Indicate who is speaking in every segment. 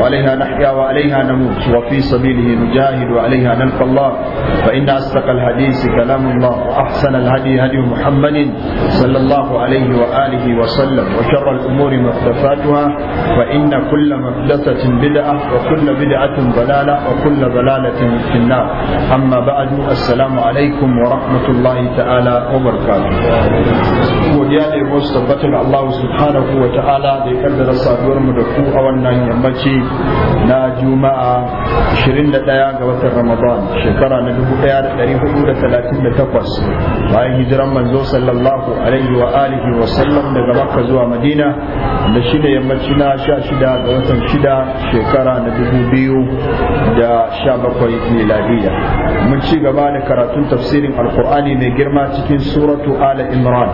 Speaker 1: وعليها نحيا وعليها نموت وفي سبيله نجاهد وعليها نلقى الله فإن أصدق الحديث كلام الله وأحسن الهدي هدي محمد صلى الله عليه وآله وسلم وشر الأمور محدثاتها فإن كل محدثة بدعة وكل بدعة ضلالة وكل ضلالة في النار أما بعد السلام عليكم ورحمة الله تعالى وبركاته godiya da yabo su tabbatar Allah subhanahu wa ta'ala da ya kaddara saduwar mu da ku a wannan yammaci na juma'a 21 ga watan ramadan shekara na 1438 bayan hijiran manzo sallallahu alaihi wa alihi wa sallam daga makka zuwa madina da shida yammaci na 16 ga watan shida shekara na 2017 miladiya mun ci gaba da karatun tafsirin alkur'ani mai girma cikin suratu ala imran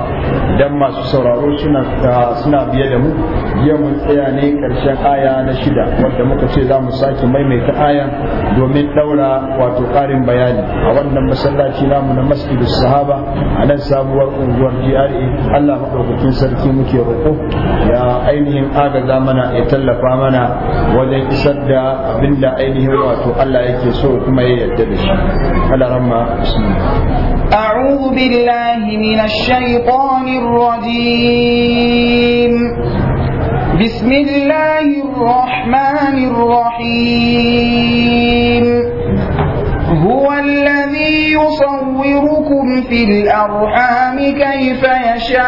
Speaker 1: dan masu sauraro suna biye da mu yau mun tsaya ne karshen aya na shida wadda muka ce za mu sake maimaita aya domin daura wato karin bayani a wannan masallaci namu na masjidus sahaba a nan sabuwar unguwar GRA Allah madaukakin sarki muke roƙo ya ainihin agaza mana ya tallafa mana wajen isar da abinda ainihin wato Allah yake so kuma ya yarda da shi Allah rahma
Speaker 2: أعوذ بالله من الشيطان الرجيم بسم الله الرحمن الرحيم هو الذي يصوركم في الأرحام كيف يشاء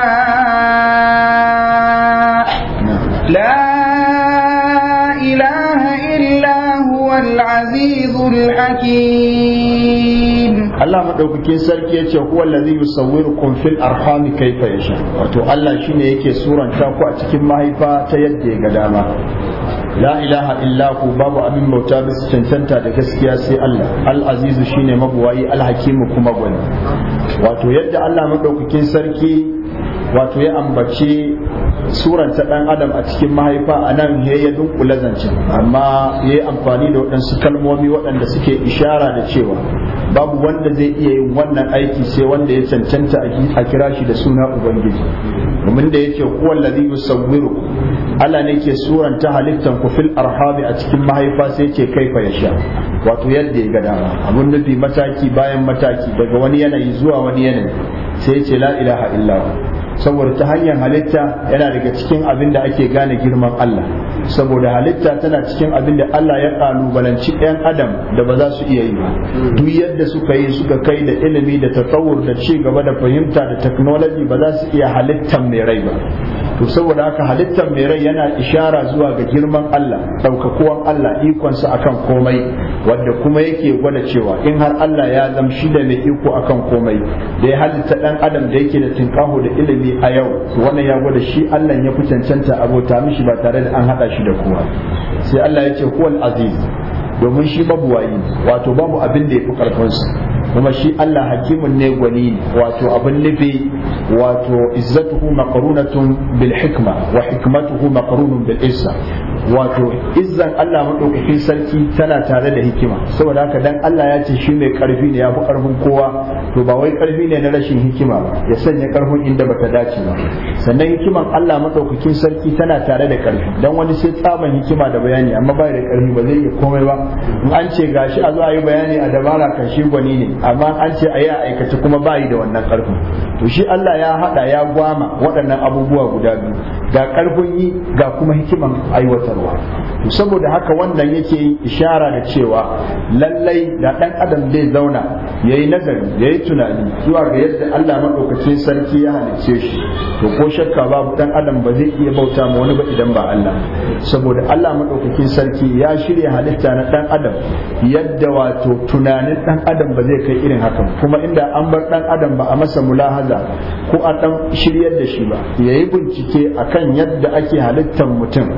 Speaker 2: لا إله إلا هو العزيز الحكيم
Speaker 1: Allah maɗaukakin sarki ya ce huwa allazi yusawwirukum fil arhami kayfa yasha wato Allah shine yake suranta ku a cikin mahaifa ta yadda ya ga dama la ilaha illa ku babu abin bauta bisa cancanta da gaskiya sai Allah al-azizu shine mabuwayi al-hakimu kuma gwani wato yadda Allah madaukakin sarki wato ya ambaci suranta ɗan adam a cikin mahaifa a nan ya yi dunkula zancen amma ya yi amfani da waɗansu kalmomi waɗanda suke ishara da cewa babu wanda zai iya yin wannan aiki sai wanda ya cancanta a kira shi da suna ubangiji domin da yake kuwan ladhi yusawwiru Allah ne ke suranta halittan ku fil arhami a cikin mahaifa sai ce kaifa ya sha wato yadda ya ga dama abun nufi mataki bayan mataki daga wani yanayi zuwa wani yanayi sai ce la ilaha illallah saboda ta hanyar halitta yana daga cikin abin da ake gane girman Allah saboda halitta tana cikin abin da Allah ya kalubalanci ɗan adam da ba za su iya yi ba duk yadda suka yi suka kai da ilimi da tatawur da ci gaba da fahimta da technology ba za su iya halittan mai rai ba to saboda haka halittar mai rai yana ishara zuwa ga girman Allah daukakuwan Allah ikonsa akan komai wanda kuma yake gwada cewa in har Allah ya zamshi da mai iko akan komai da ya halitta ɗan adam da yake da tinkaho da ilimi alkhairi a yau to wannan ya gwada shi Allah ya fi cancanta abota mishi ba tare da an hada shi da kowa sai Allah ya ce kuwal aziz domin shi babu wayi wato babu abin da ya fi karfinsa kuma shi Allah hakimun ne gwani wato abin nufi wato izzatuhu maqrunatun bil hikma wa hikmatuhu maqrunun bil izza wato izzan Allah madaukakin sarki tana tare da hikima saboda haka dan Allah ya ce shi mai karfi ne ya fi karfin kowa to ba wai karfi ne na rashin hikima ba ya sanya karfin inda bata dace ba sannan hikiman Allah madaukakin sarki tana tare da karfi dan wani sai tsaban hikima da bayani amma ba da karfi ba zai iya komai ba in an ce gashi a zuwa yi bayani a dabara kan shi gwani ne amma an ce a yi a aikace kuma bayi da wannan karfin to shi Allah ya hada ya gwama waɗannan abubuwa guda biyu ga karfin yi ga kuma hikiman aiwatarwa to saboda haka wannan yake ishara da cewa lallai da dan adam zai zauna yayi nazari yayi tunani zuwa ga yadda Allah madaukakin sarki ya halicce shi to ko shakka babu dan adam ba zai iya bauta ma wani ba idan ba Allah saboda Allah madaukakin sarki ya shirya halitta na dan adam yadda wato tunanin dan adam ba zai kai irin hakan kuma inda an bar dan adam ba a masa mulahaza ko a dan shiryar da shi ba yayi bincike akan yadda ake halittar mutum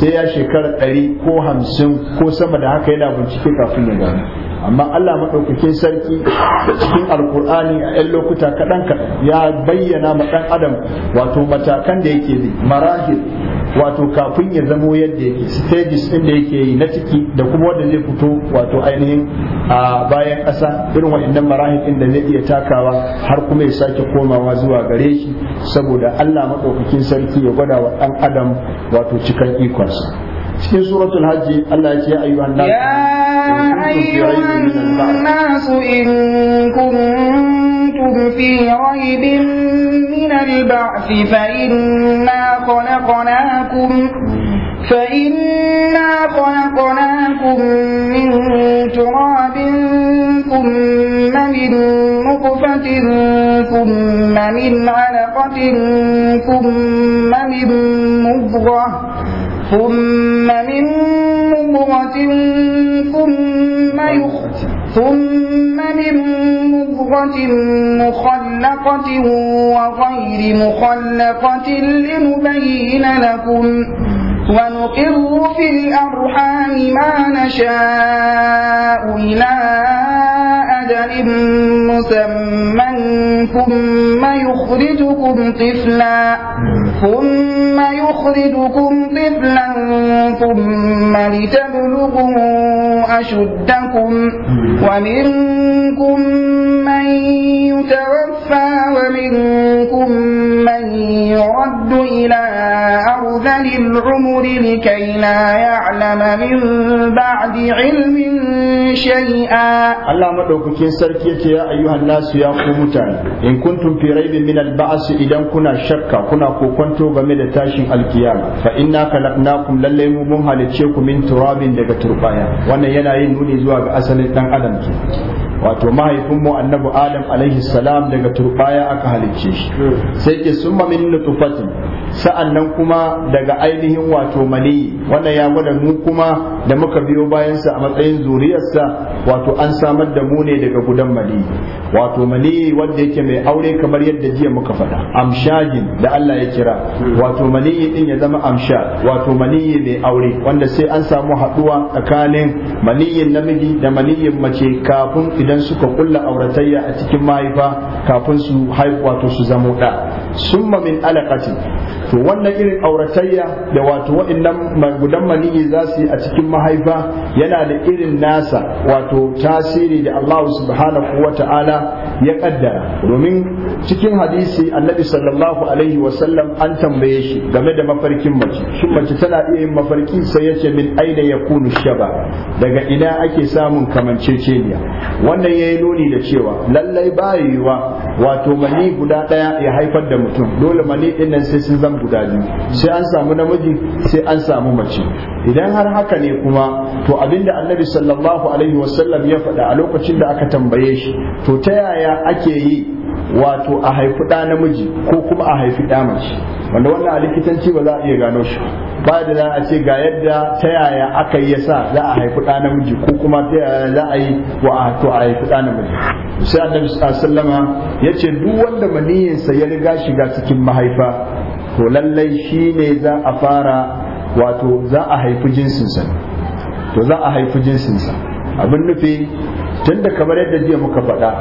Speaker 1: sai ya shekara ɗari ko hamsin ko sama da haka yana bincike kafin ya gano amma Allah maɗaukakin sarki da cikin alkur'ani a 'yan lokuta kaɗan kaɗan ya bayyana ma ɗan adam wato matakan da yake bi marahil wato kafin ya zamo yadda yake stages ɗin da yake yi na ciki da kuma wanda zai fito wato ainihin a bayan ƙasa irin waɗannan marahil ɗin da zai iya takawa har kuma ya sake komawa zuwa gare shi saboda Allah maɗaukakin sarki ya gwada wa ɗan adam wato cikan ikonsa cikin suratul hajji Allah ya ce ayyuhan nas أيها
Speaker 2: الناس إن كنتم في ريب من البعث فإنا خلقناكم فإنا خلقناكم من تراب ثم من نطفة ثم من علقة ثم من مضغة ثم من مضغة ثم ثم من مضغة مخلقة وغير مخلقة لنبين لكم ونقر في الأرحام ما نشاء إلى أجل مسمى ثم يخرجكم طفلا ثم يخرجكم طفلا ثم لتبلغوا أشدكم ومنكم من يتوفى ومنكم من يرد إلى أرذل العمر لكي لا يعلم من بعد علم
Speaker 1: شيئا الله كي سركيك يا أيها الناس يا قومتان إن كنتم في ريب من البعث إذا كنا شكا كنا كنا kokonto game da tashin alkiyama fa inna khalaqnakum lalle mu mun halicce ku min turabin daga turbaya wannan yana yin nuni zuwa ga asalin dan adam ke wato mahaifinmu annabi adam alaihi salam daga turbaya aka halicce shi sai ke summa min nutfatin sa'annan kuma daga ainihin wato mali wannan ya gwada mu kuma da muka biyo bayan sa a matsayin zuriyarsa wato an samar da mu ne daga gudan mali wato mali wanda yake mai aure kamar yadda jiya muka faɗa amshajin da Allah ya kira wato maniyyi din ya zama amsha wato maniyyi mai aure wanda sai an samu haduwa tsakanin maniyyin namiji da maniyyin mace kafin idan suka kulla auratayya a cikin mahaifa kafin su haifu wato su zamo da summa min alaqati to wannan irin auratayya da wato waɗannan magudan maniyyi za su yi a cikin mahaifa yana da irin nasa wato tasiri da Allah subhanahu wata'ala ya kaddara domin cikin hadisi annabi sallallahu alaihi wasallam an tambaye shi game da mafarkin mace shin mace tana iya yin mafarki sai ya ce min aina yakunu shaba daga ina ake samun kamanceceniya wannan yayi nuni da cewa lallai ba yiwuwa wato mani guda daya ya haifar da mutum dole mani din nan sai sun zama guda biyu sai an samu namiji sai an samu mace idan har haka ne kuma to abinda annabi sallallahu alaihi wasallam ya faɗa a lokacin da aka tambaye shi to ta yaya ɗaya ake yi wato a haifi ɗa namiji ko kuma a haifi ɗa mace wanda wannan a likitanci ba za a iya gano shi ba da za a ce ga yadda ta yaya aka yi yasa za a haifi ɗa namiji ko kuma ta yaya za a yi wato a haifi ɗa namiji sai annabi sallama ya ce duk wanda maniyinsa ya riga shiga cikin mahaifa to lallai shi ne za a fara wato za a haifi jinsinsa to za a haifi jinsinsa abin nufi tun da kamar yadda jiya muka faɗa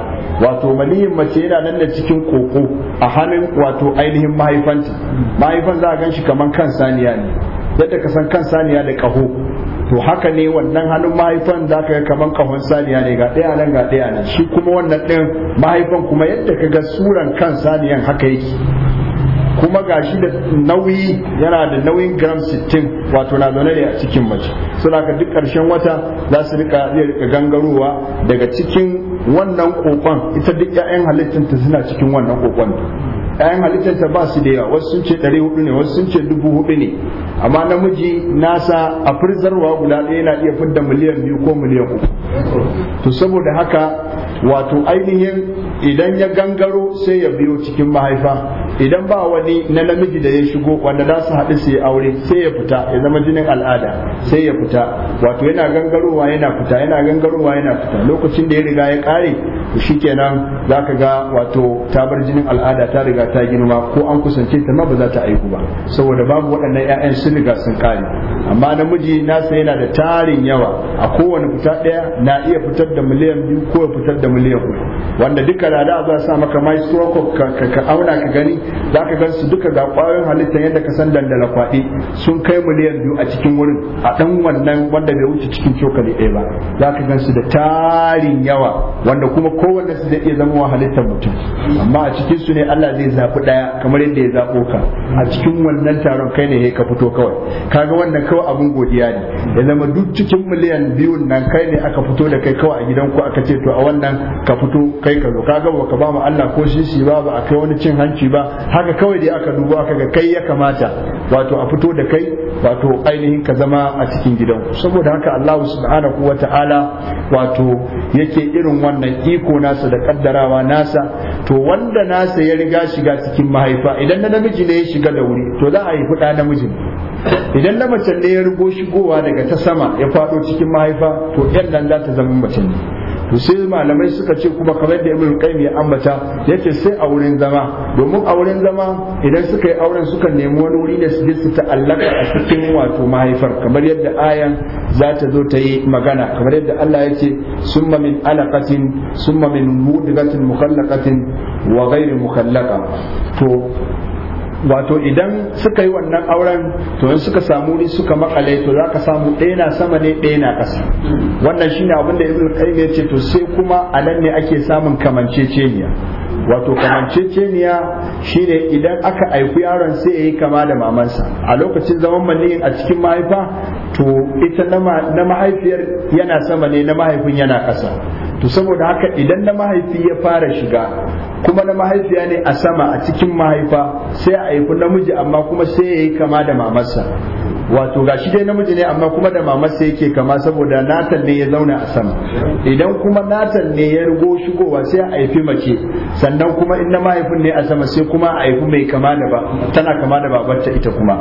Speaker 1: wato maliyin mace yana nan da cikin koko a hannun wato ainihin mahaifanta mahaifan za a gan shi kamar kan saniya ne yadda ka san kan saniya da kaho to haka ne wannan hannun mahaifan za ka ga kamar kahon saniya ne ga ɗaya nan ga ɗaya nan shi kuma wannan ɗin mahaifan kuma yadda ka ga suran kan saniyan haka yake kuma gashi da nauyi yana da nauyin gram 60 wato na zaune ne a cikin mace suna ka duk ƙarshen wata za su rika rika gangarowa daga cikin wannan kokon ita duk ƴaƴan halittanta suna cikin wannan kokon ƴaƴan halittanta ba su da yawa wasu sun ce 400 ne wasu sun ce dubu hudu ne amma namiji nasa a firzarwa guda ɗaya yana iya fidda miliyan biyu ko miliyan uku to saboda haka wato ainihin idan ya gangaro sai ya biyo cikin mahaifa idan ba wani na namiji da ya shigo wanda za su haɗu su yi aure sai ya fita ya zama jinin al'ada sai ya fita wato yana gangarowa yana fita yana gangarowa yana fita lokacin da ya riga ya ƙare shikenan za ka ga wato tabar jinin al'ada ta riga ta girma ko an kusance ta ma ba za ta aiku ba saboda babu waɗannan 'ya'yan sun riga sun ƙare amma namiji nasa yana da tarin yawa a kowane fita ɗaya na iya fitar da miliyan biyu ko ya fitar da miliyan uku wanda duka da da za sa maka microscope ka auna ka gani za ka gan su duka ga kwayoyin halittar yadda ka san dandala kwaɗe sun kai miliyan biyu a cikin wurin a ɗan wannan wanda bai wuce cikin cokali ɗaya ba za ka gan su da tarin yawa wanda kuma kowanne su zai iya zama wa halittar mutum amma a cikin su ne Allah zai zaɓi ɗaya kamar yadda ya zaɓo ka a cikin wannan taron kai ne ka fito kawai kaga wannan kawai abun godiya ne ya zama duk cikin miliyan biyun nan kai ne aka fito da kai kawai a gidan ku aka ce to a wannan ka fito kai ka zo kaga baka ba mu Allah ko shi ba ba kai wani cin hanci ba haka kawai dai aka dubo aka ga kai ya kamata wato a fito da kai wato ainihin ka zama a cikin gidanku saboda haka Allah subhanahu wa ta'ala wato yake irin wannan iko nasa da kaddarawa nasa to wanda nasa ya riga shiga cikin mahaifa idan na namiji ne ya shiga da wuri to za a haifi ɗa namiji idan na mace ne ya rigo shigowa daga ta sama ya fado cikin mahaifa to yan nan za ta zama mace ne to sai malamai suka ce kuma kamar da ibn qayyim ya ambata yace sai a wurin zama domin a wurin zama idan suka yi auren suka nemi wani wuri da su su ta'allaka a cikin wato mahaifar kamar yadda ayan za ta zo ta yi magana kamar yadda Allah yake summa min alaqatin summa min mudghatin mukhallaqatin wa ghairi mukhallaqa to wato idan suka yi wannan auren to in suka samu wuri suka makale to za ka samu ɗaya na sama ne ɗaya na ƙasa wannan shine abin da ibn qayyim ya ce to sai kuma a nan ne ake samun kamanceceniya wato kamanceceniya shine idan aka aiku yaron sai ya yi kama da mamansa a lokacin zaman maniyin a cikin mahaifa to ita na mahaifiyar yana sama ne na mahaifin yana ƙasa to saboda haka idan na mahaifi ya fara shiga kuma na mahaifiya ne a sama a cikin mahaifa sai a haifi namiji amma kuma sai ya yi kama da mamarsa wato ga shi dai namiji ne amma kuma da mamarsa yake kama saboda natal ne ya zauna a sama idan kuma natal ne ya rigo shigowa sai a haifi mace sannan kuma in na mahaifin ne a sama sai kuma a haifi mai kama da ba tana kama da babarta ita kuma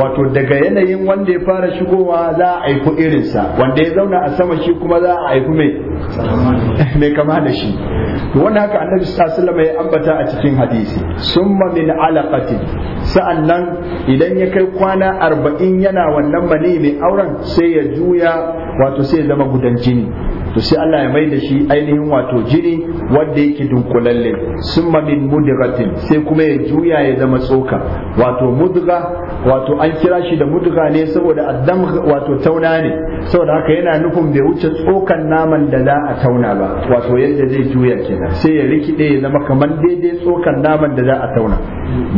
Speaker 1: wato daga yanayin wanda ya fara shigowa za a haifi irinsa wanda ya zauna a sama shi kuma za a haifi mai mai kama da shi wanda haka annabi sallallahu ya ambata a cikin hadisi summa min sa'an nan idan ya kai kwana arba'in yana wannan mani mai auren sai ya juya wato sai ya zama gudan jini to sai Allah ya mai da shi ainihin wato jini wanda yake dunkulalle summa min mudghatin sai kuma ya juya ya zama tsoka wato mudga wato an kira shi da mudga ne saboda addam wato tauna ne saboda haka yana nufin bai wuce tsokan naman da za a tauna ba wato yadda zai juya kenan sai ya rikide ya zama kamar daidai tsokan naman da za a tauna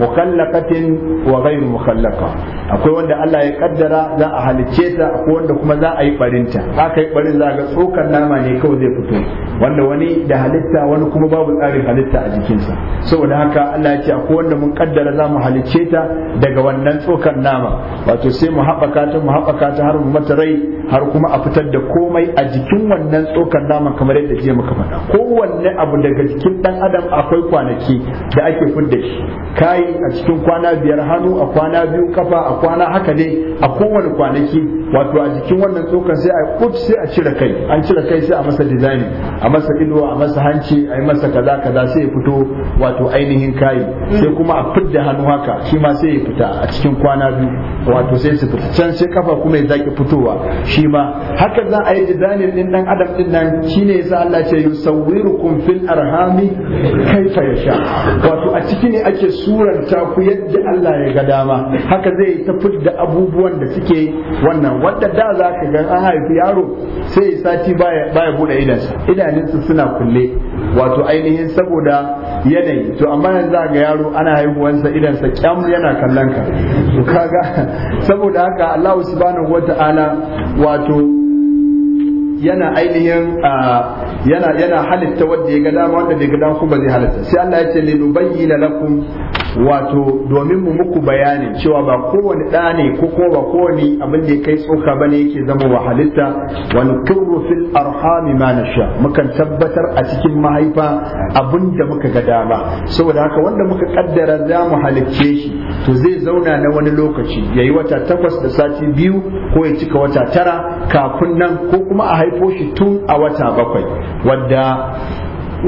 Speaker 1: mukallaqatin wa ghairu mukallaqa akwai wanda Allah ya kaddara za a halicce ta akwai wanda kuma za a yi barinta haka yi barin za ga tsokan alama ne kawai zai fito wanda wani da halitta wani kuma babu tsarin halitta a jikinsa saboda haka Allah ya ce akwai wanda mun kaddara za mu halicce ta daga wannan tsokar nama wato sai mu haɓaka ta mu haɓaka ta har mu mata rai har kuma a fitar da komai a jikin wannan tsokar nama kamar yadda jiya muka faɗa kowanne abu daga jikin dan adam akwai kwanaki da ake fidda shi kai a cikin kwana biyar hannu a kwana biyu kafa a kwana haka dai a kowane kwanaki wato a jikin wannan tsokar sai a kuf sai a cire kai an cire kai kai sai a masa design a masa ido a masa hanci a yi masa kaza kaza sai ya fito wato ainihin kayi sai kuma a fidda hannu haka shi ma sai ya fita a cikin kwana biyu wato sai su fita can sai kafa kuma ya zaki fitowa shi ma haka za a yi design din dan adam din nan shine yasa Allah ce yusawwirukum fil arhami kaifa yasha wato a ciki ne ake suranta ku yadda Allah ya ga dama haka zai ta fidda abubuwan da suke wannan wanda da za ka ga an haifi yaro sai sati baya baya bude idansa idanunsa suna kulle wato ainihin saboda yanayi to amma yanzu ga yaro ana haihuwansa idansa kyam yana kallon ka to kaga saboda haka Allah subhanahu wata'ala wato yana ainihin yana yana halitta wanda ya ga dama wanda bai ga dama kuma zai halitta sai Allah ya ce li nubayyana lakum wato domin mu muku bayani cewa ba kowane ɗa ne ko ko ba kowane abin da ya kai tsoka bane yake zama wa halitta wa nuqirru fil arhami ma nasha mukan tabbatar a cikin mahaifa abin da muka ga dama saboda haka wanda muka kaddara za mu halicce shi to zai zauna na wani lokaci yayi wata takwas da sati biyu ko ya cika wata tara kafin nan ko kuma a haifo shi tun a wata bakwai wadda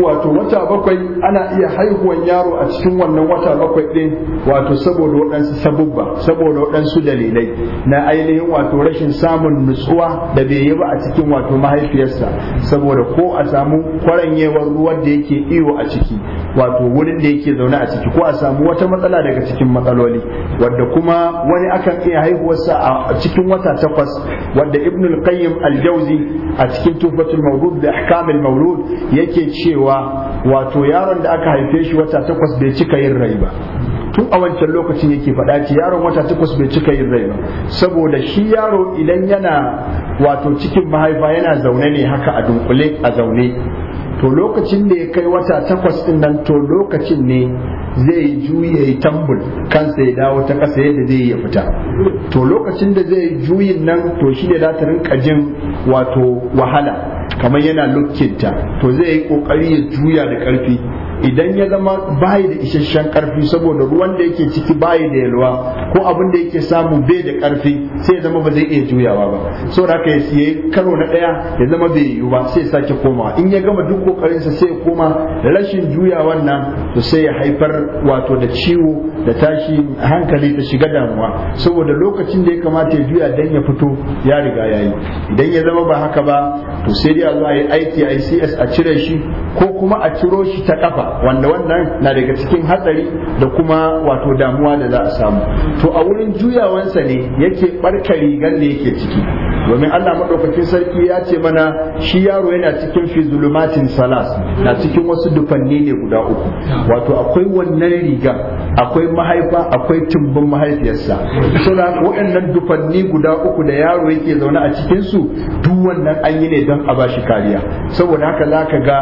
Speaker 1: wato wata bakwai ana iya haihuwan yaro a cikin wannan wata bakwai ɗin wato saboda waɗansu sabubba saboda waɗansu dalilai na ainihin wato rashin samun nutsuwa da bai yi ba a cikin wato mahaifiyarsa saboda ko a samu kwaranyewar ruwan da yake iyo a ciki wato wurin da yake zaune a ciki ko a samu wata matsala daga cikin matsaloli wadda kuma wani akan iya haihuwarsa a cikin wata takwas wadda ibnul qayyim al-jawzi a cikin tufatul mawlud da ahkamul mawlud yake cewa cewa wato yaron da aka haife shi wata takwas bai cika yin rai ba tun a wancan lokacin yake faɗa ce yaron wata takwas bai cika yin rai ba saboda shi yaro idan yana wato cikin mahaifa yana zaune ne haka a dunkule a zaune to lokacin da ya kai wata takwas din nan to lokacin ne zai juyi ya yi tambul kansa ya dawo ta ƙasa yadda zai ya fita to lokacin da zai juyin nan to shi ne za ta rinka jin wato wahala kamar yana lukkinta to zai yi kokari ya juya da karfi idan ya zama bayi da isasshen karfi saboda ruwan da yake ciki bayi da yalwa ko abin da yake samu bai da karfi sai ya zama ba zai iya juyawa ba da haka ya siye karo na daya ya zama bai yiwu ba sai ya sake komawa in ya gama duk kokarin sa sai ya koma rashin juyawan nan to sai ya haifar wato da ciwo da tashi hankali ta shiga damuwa saboda lokacin da ya kamata ya juya dan ya fito ya riga yayi idan ya zama ba haka ba to sai dai a zo a yi aiki a cire shi ko kuma a ciro shi ta kafa wanda wannan na daga cikin hatsari da kuma wato damuwa da za a samu to a wurin juyawansa ne yake barka rigar da yake ciki domin Allah madaukakin sarki ya ce mana shi yaro yana cikin fi zulumatin salas na cikin wasu dufanni ne guda uku wato akwai wannan riga akwai mahaifa akwai tumbin mahaifiyarsa suna waɗannan dufanni guda uku da yaro yake zaune a cikin su duk wannan an yi ne don a bashi kariya saboda haka zaka ga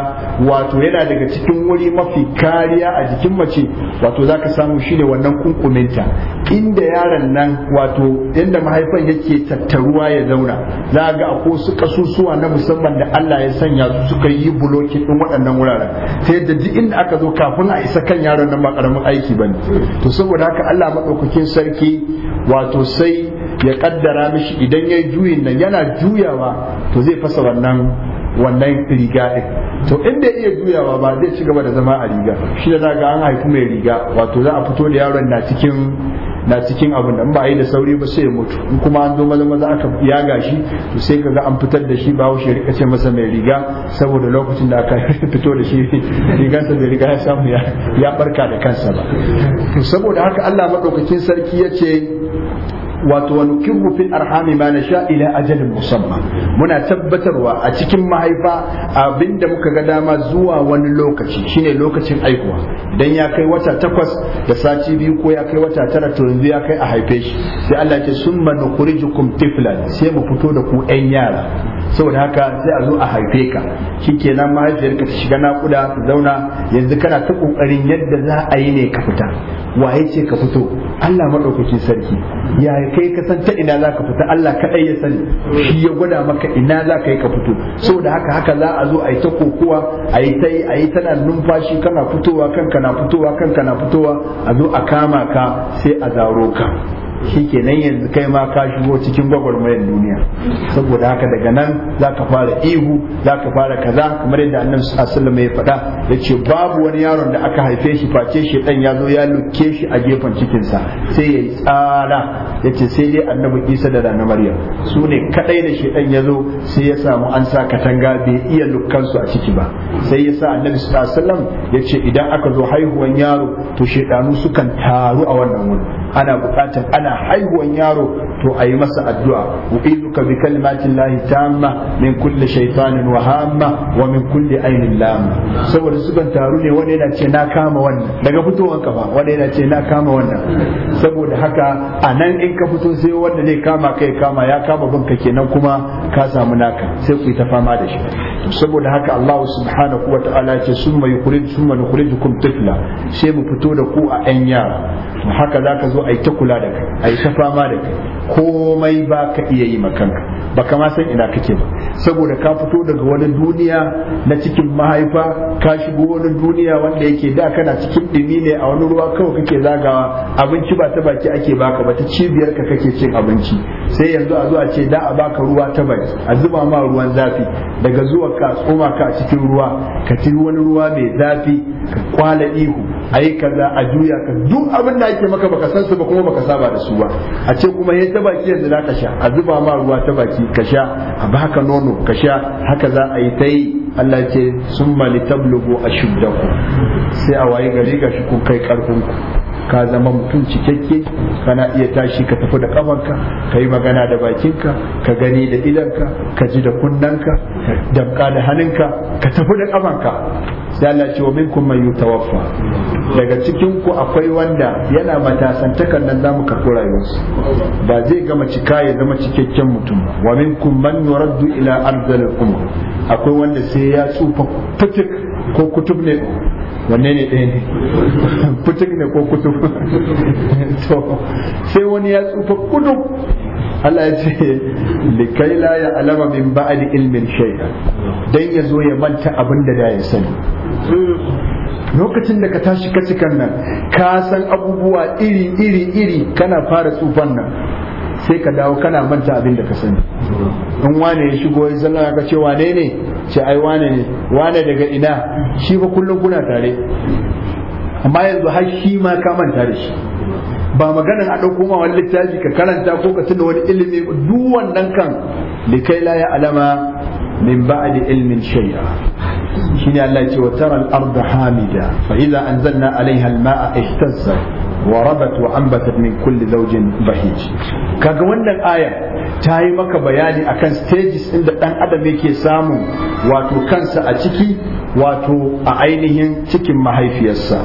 Speaker 1: wato yana daga cikin wuri mafi kariya a jikin mace wato zaka samu shi ne wannan kunkuminta inda yaron nan wato inda mahaifan yake tattaruwa ya zauna za za ga akwai su kasusuwa na musamman da Allah ya sanya su suka yi buloki din waɗannan wuraren sai da duk inda aka zo kafin a isa kan yaron nan ba karamin aiki bane to saboda haka Allah madaukakin sarki wato sai ya kaddara mishi idan ya juyin nan yana juyawa to zai fasa wannan wannan riga din to inda iya juyawa ba zai ci gaba da zama a riga shi da zaga an haifi mai riga wato za a fito da yaron na cikin na cikin abin da ba a yi da sauri ba sai ya mutu in kuma an zo maza maza aka yaga shi to sai kaga an fitar da shi ba wuce rika ce masa mai riga saboda lokacin da aka fito da shi rigarsa da riga ya samu ya barka da kansa ba saboda haka Allah madaukakin sarki ya ce wato wa nukirru fil arhami ma nasha ila ajalin musamman muna tabbatarwa a cikin mahaifa abinda muka ga dama zuwa wani lokaci shine lokacin aikuwa dan ya kai wata takwas da sati biyu ko ya kai wata tara to yanzu ya kai a haife shi sai Allah ya ce summa nukhrijukum tiflan sai mu fito da ku ɗan yara saboda haka sai a zo a haife ka shikenan mahaifiyarka ta shiga nakuda ta zauna yanzu kana ta kokarin yadda za a yi ne ka fita waye ce ka fito Allah madaukakin sarki ya kai ka san ta ina za ka fita Allah kaɗai ya sani shi ya gwada maka ina za ka yi ka fito saboda haka haka za a zo a yi ta kokowa a yi ta a yi tana numfashi kana fitowa kanka na fitowa kanka na fitowa a zo a kama ka sai a zaro ka shikenan yanzu kai ma ka shigo cikin gwagwarmayar duniya saboda haka daga nan za ka fara ihu za ka fara kaza kamar yadda annan sallallahu alaihi ya faɗa yace babu wani yaron da aka haife shi face shi dan ya zo ya luke shi a gefen cikinsa sai yayi tsara ce sai dai annabi Isa da rana Maryam su ne kadai da shi dan ya zo sai ya samu an sa katanga bai iya lukansu a ciki ba sai ya sa annabi sallallahu ya ce yace idan aka zo haihuwan yaro to shedanu sukan taru a wannan wurin ana buƙatar ana haihuwan yaro to a yi masa addu'a ka bi kalimatin lahi tamma min kulli shaytanin wa hamma wa min kulli ainin lamma saboda sukan taru ne wanda yana ce na kama wannan daga fitowar kafa wanda yana ce na kama wannan saboda haka a nan in ka fito sai wanda ne kama kai kama ya kama banka kenan kuma ka samu naka sai ku yi ta fama da shi saboda haka Allah subhanahu wa ta'ala ce summa yukhrij summa nukhrijukum tifla sai mu fito da ku a 'yan yara haka zaka zo a yi ta kula da kai a yi fama da kai komai ba ka iya yi makanka ba kama san ina kake ba saboda ka fito daga wani duniya na cikin mahaifa ka shigo wani duniya wanda yake da kana cikin dimi ne a wani ruwa kawai kake zagawa abinci ba ta baki ake baka ba ta cibiyar ka kake cin abinci sai yanzu a zo a ce da a baka ruwa ta baki a zuba ma ruwan zafi daga zuwa ka tsoma ka cikin ruwa ka ci wani ruwa mai zafi ka kwala ihu a yi kaza a juya ka duk abin da ake maka baka san su ba kuma baka saba da su su ba a ce kuma ya ta baki yanzu za ka sha a zuba ma ruwa ta baki ka sha a baka nono ka sha haka za a yi ta yi Allah ce sun mali tablugu a shuddaku sai a waye gari ga shi kun kai ku. ka zama mutum cikakke kana iya tashi ka tafi da kafanka ka yi magana da bakinka ka gani da idanka ka ji da kunnanka damka da hannunka ka tafi da kafanka sai Allah ce wa minkum man yutawaffa daga cikin ku akwai wanda yana matasantakan nan zamu karɓi rayuwarsu ba zai gama cika ya zama cikakken mutum wa minkum man yuraddu ila ardhil umr akwai wanda sai ya tsufa fitik ko kutub ne wanne ne ɗaya ne kutub ne ko kutub to sai wani ya tsufa kudu Allah ya ce likai la ya alama min ba'adi ilmin shay'a dan ya zo ya manta abin da da ya sani lokacin da ka tashi kasikan nan ka san abubuwa iri iri iri kana fara tsufan nan sai ka dawo kana manta abin da ka sani in wane ya shigo ya zalla ka ce wane ne ce ai wane ne wane daga ina shi ba kullum kuna tare amma yanzu har shi ma ka manta da shi ba maganin a ɗauko ma wani littafi ka karanta ko ka tuna wani ilimi duk wannan kan likai la ya alama min ba'di ilmin shay'a shine Allah ce wa tara al hamida fa idza anzalna 'alayha al-ma'a ihtazzat wa rabat wa anbatat min kulli wannan aya ta yi maka bayani akan stages inda dan adam yake samu wato kansa a ciki wato a ainihin cikin mahaifiyarsa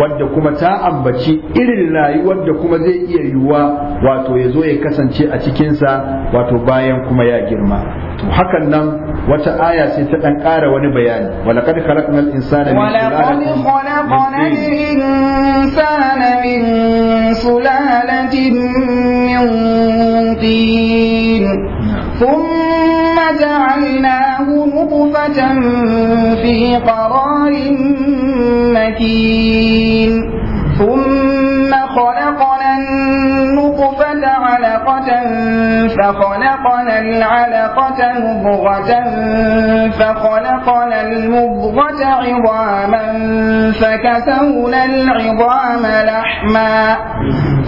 Speaker 1: wadda kuma ta ambaci irin rayuwar da kuma zai iya yiwuwa wato ya zo ya kasance a cikinsa wato bayan kuma ya girma to hakan nan wata aya sai ta dan ƙara wani bayani walaqad khalaqnal insana min
Speaker 2: sulalatin insana min sulalatin min tin thumma ja'alnahu nutfatan fi qararin makin thumma khalaqna علقة فخلقنا العلقة مضغة فخلقنا المضغة عظاما فكسونا العظام لحما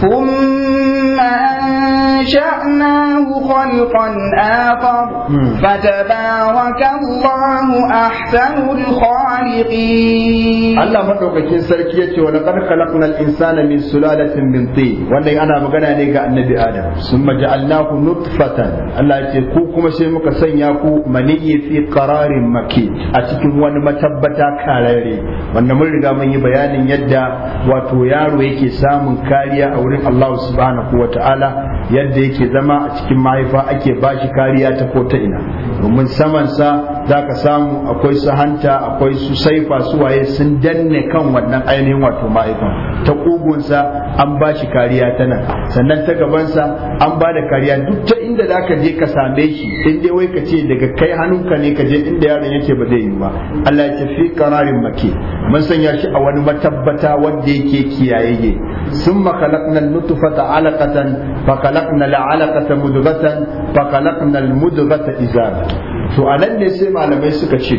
Speaker 2: ثم أنشأناه خلقا آخر فتبارك الله أحسن الخالقين الله
Speaker 1: مدوكاكين سركية ولقد خلقنا الإنسان من سلالة من طين وانا أنا مغنى لك النبي آدم ثم جعلناه نطفة الله يقول sai muka sanya ku maniyyi fi qararin maki a cikin wani matabbata karare wanda mun riga mun yi bayanin yadda wato yaro yake samun kariya a wurin Allahu subhanahu wataala yadda yake zama a cikin mahaifa ake ba shi kariya ta ko ta ina domin samansa za ka samu akwai su hanta akwai su saifa su waye sun danne kan wannan ainihin wato ma'aikon ta ƙugunsa an ba shi kariya ta nan sannan ta gabansa an ba da kariya duk ta inda za ka je ka same shi in dai wai ka ce daga kai hannunka ne ka je inda yaron yake ba zai yi ba Allah ya fi kararin make mun sanya shi a wani matabbata wanda yake kiyayeye summa khalaqna nutfata alaqatan fa khalaqna alaqata mudghatan fa khalaqna al-mudghata izara to anan ne sai malamai suka ce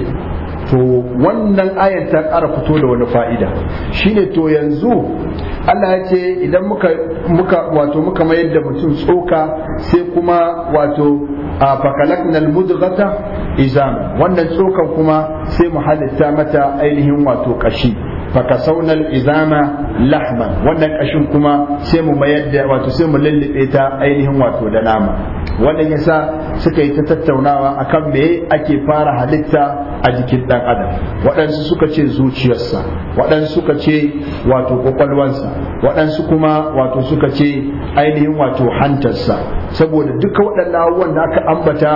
Speaker 1: to wannan ayan ta ƙara fito da wani fa'ida shine to yanzu Allah ya idan muka muka wato mayar da mutum tsoka sai kuma wato a fakalakna almudghata izam wannan tsokan kuma sai mu halitta mata ainihin wato kashi fakasaunal izama lahman wannan ƙashin kuma sai mu mayar da wato sai mu lullube ta ainihin wato da nama wannan yasa suka yi ta tattaunawa akan me ake fara halitta a jikin dan adam waɗansu suka ce zuciyarsa waɗansu suka ce wato kwakwalwansa waɗansu kuma wato suka ce ainihin wato hantarsa saboda duka waɗannan abubuwan da aka ambata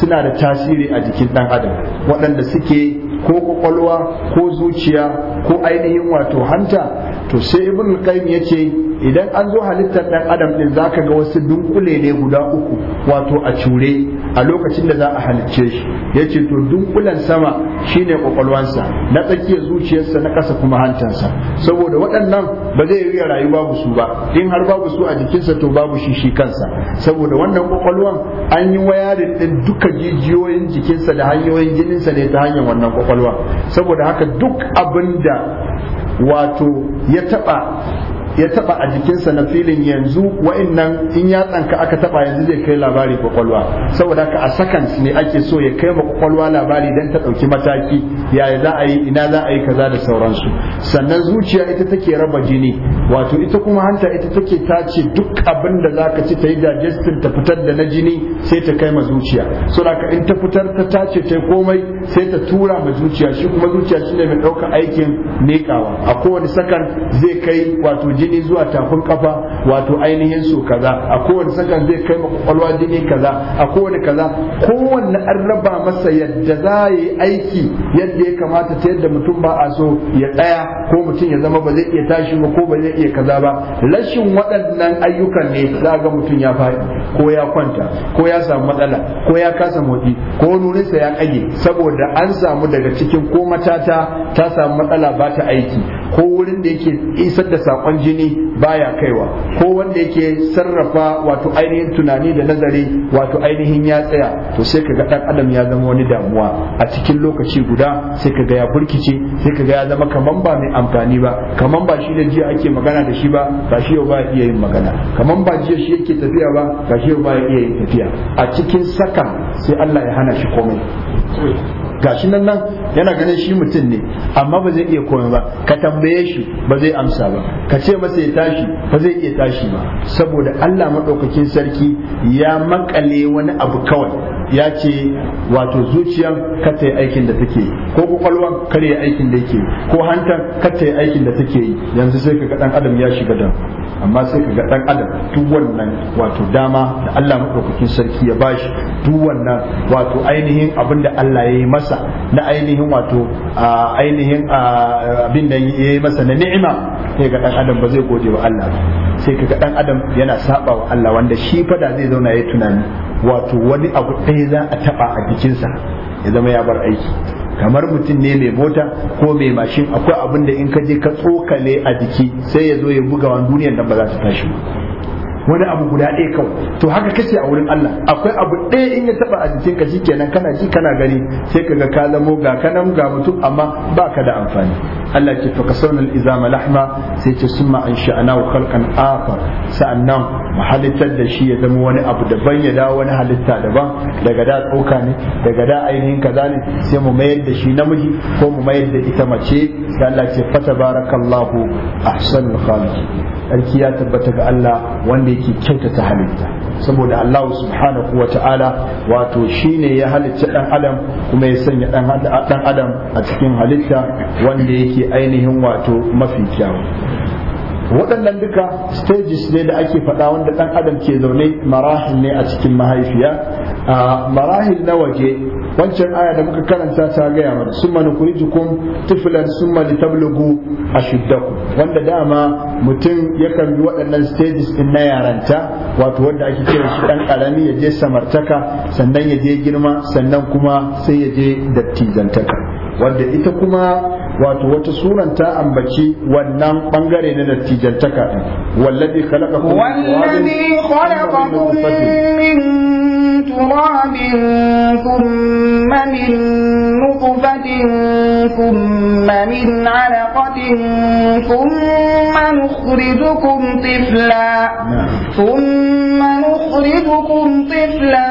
Speaker 1: suna da tasiri a jikin dan adam waɗanda suke ko kwakwalwa ko zuciya ko ainihin wato hanta to sai ibn qayyim yace idan an zo halittar dan adam din zaka ga wasu dunkule ne guda uku wato a cure a lokacin da za a halicce shi ya ce to dunkulen sama shine kwakwalwansa na tsakiyar zuciyarsa na ƙasa kuma hantansa saboda waɗannan ba zai yi rayu babu su ba in har babu su a jikinsa to babu shi shi kansa saboda wannan kwakwalwan an yi wayarin ɗin duka jijiyoyin jikinsa da hanyoyin jininsa ne ta hanyar wannan kwakwalwa saboda haka duk abin da wato ya taɓa ya taba a jikinsa na filin yanzu wa'annan in ya tsanka aka taba yanzu zai kai labari kwakwalwa saboda ka a sakan ne ake so ya kai kwakwalwa labari don ta ɗauki mataki yaya za a yi ina za a yi kaza da sauransu sannan zuciya ita take raba jini wato ita kuma hanta ita take tace duk abin da ka ci ta yi digestion ta fitar da na jini sai ta kai ma zuciya saboda in ta fitar ta tace ta komai sai ta tura ma zuciya shi kuma zuciya shi ne mai ɗaukar aikin nekawa a kowane sakan zai kai wato jini zuwa tafin kafa wato ainihin su kaza a kowane sakan zai kai ma kwakwalwa jini kaza a kowane kaza kowanne an raba masa yadda za yi aiki yadda ya kamata ta yadda mutum ba a so ya tsaya ko mutum ya zama ba zai iya tashi ba ko ba zai iya kaza ba rashin waɗannan ayyukan ne za ga mutum ya faɗi ko ya kwanta ko ya samu matsala ko ya kasa motsi ko nuninsa ya ƙage saboda saboda an samu daga cikin ko matata ta samu matsala ba ta aiki ko wurin da yake isar da sakon jini baya kaiwa ko wanda yake sarrafa wato ainihin tunani da nazari wato ainihin ya tsaya to sai kaga ɗan adam ya zama wani damuwa a cikin lokaci guda sai kaga ya burkice sai kaga ya zama kaman ba mai amfani ba kaman ba shi da jiya ake magana da shi ba ba shi yau ba iya yin magana kaman ba jiya shi yake tafiya ba ba shi yau ba iya yin tafiya a cikin saka sai Allah ya hana shi komai gashi nan nan yana ganin shi mutum ne amma ba zai iya komai ba ka tambaye shi ba zai amsa ba ka ce masa ya tashi ba zai iya tashi ba saboda Allah madaukakin sarki ya makale wani abu kawai ya ce wato zuciyan ka ta yi aikin da take yi ko kwakwalwan kar yi aikin da yake ko hantar ka ta yi aikin da take yi yanzu sai ka ga dan adam ya shiga dan amma sai ka ga dan adam duk wannan wato dama da Allah madaukakin sarki ya bashi duk wannan wato ainihin abin da Allah ya yi masa masa na ainihin wato ainihin abin da ya yi masa na ni'ima sai ga dan adam ba zai gode wa Allah ba sai kaga ɗan adam yana saba wa Allah wanda shi fada zai zauna ya tunani wato wani abu ɗaya za a taba a jikinsa ya zama ya bar aiki kamar mutum ne mai mota ko mai mashin akwai abin da in ka je ka tsokale a jiki sai ya zo ya buga wani duniyar nan ba za ta tashi ba wani abu guda ɗaya kawai to haka kace a wurin Allah akwai abu ɗaya in ya taba a jikin ka shikenan kana ji kana gani sai ka ga ka zama ga kanan ga mutum amma baka da amfani Allah ke fa al-izama lahma sai ce summa wa khalqan akhar sa'annan mahallitar da shi ya zama wani abu daban ya dawo wani halitta daban daga da tsoka ne daga da ainihin kaza ne sai mu mayar da shi namiji ko mu mayar da ita mace sai Allah ce fa tabarakallahu ahsanul khaliqin alkiya tabbata ga Allah wanda yake kyautata halitta saboda Allah subhanahu wa ta'ala wato shine ya halitta dan adam kuma ya sanya dan adam a cikin halitta wanda yake ainihin wato mafi kyawu waɗannan duka stages ne da ake faɗa wanda ɗan adam ke zaune marahil ne a cikin mahaifiya marahil na waje wancan aya da muka karanta ta gaya mana summa nukhrijukum tiflan summa litablugu ashuddakum wanda dama mutum yakan bi waɗannan stages din na yaranta wato wanda ake kira shi dan karami ya je samartaka sannan ya je girma sannan kuma sai ya je dattijantaka wanda ita kuma wato wata suran ta ambaci wannan bangare na dattijantaka din khalaqakum wallazi khalaqakum
Speaker 2: تراب ثم من نطفة ثم من علقة ثم نخرجكم طفلا ثم نخرجكم طفلا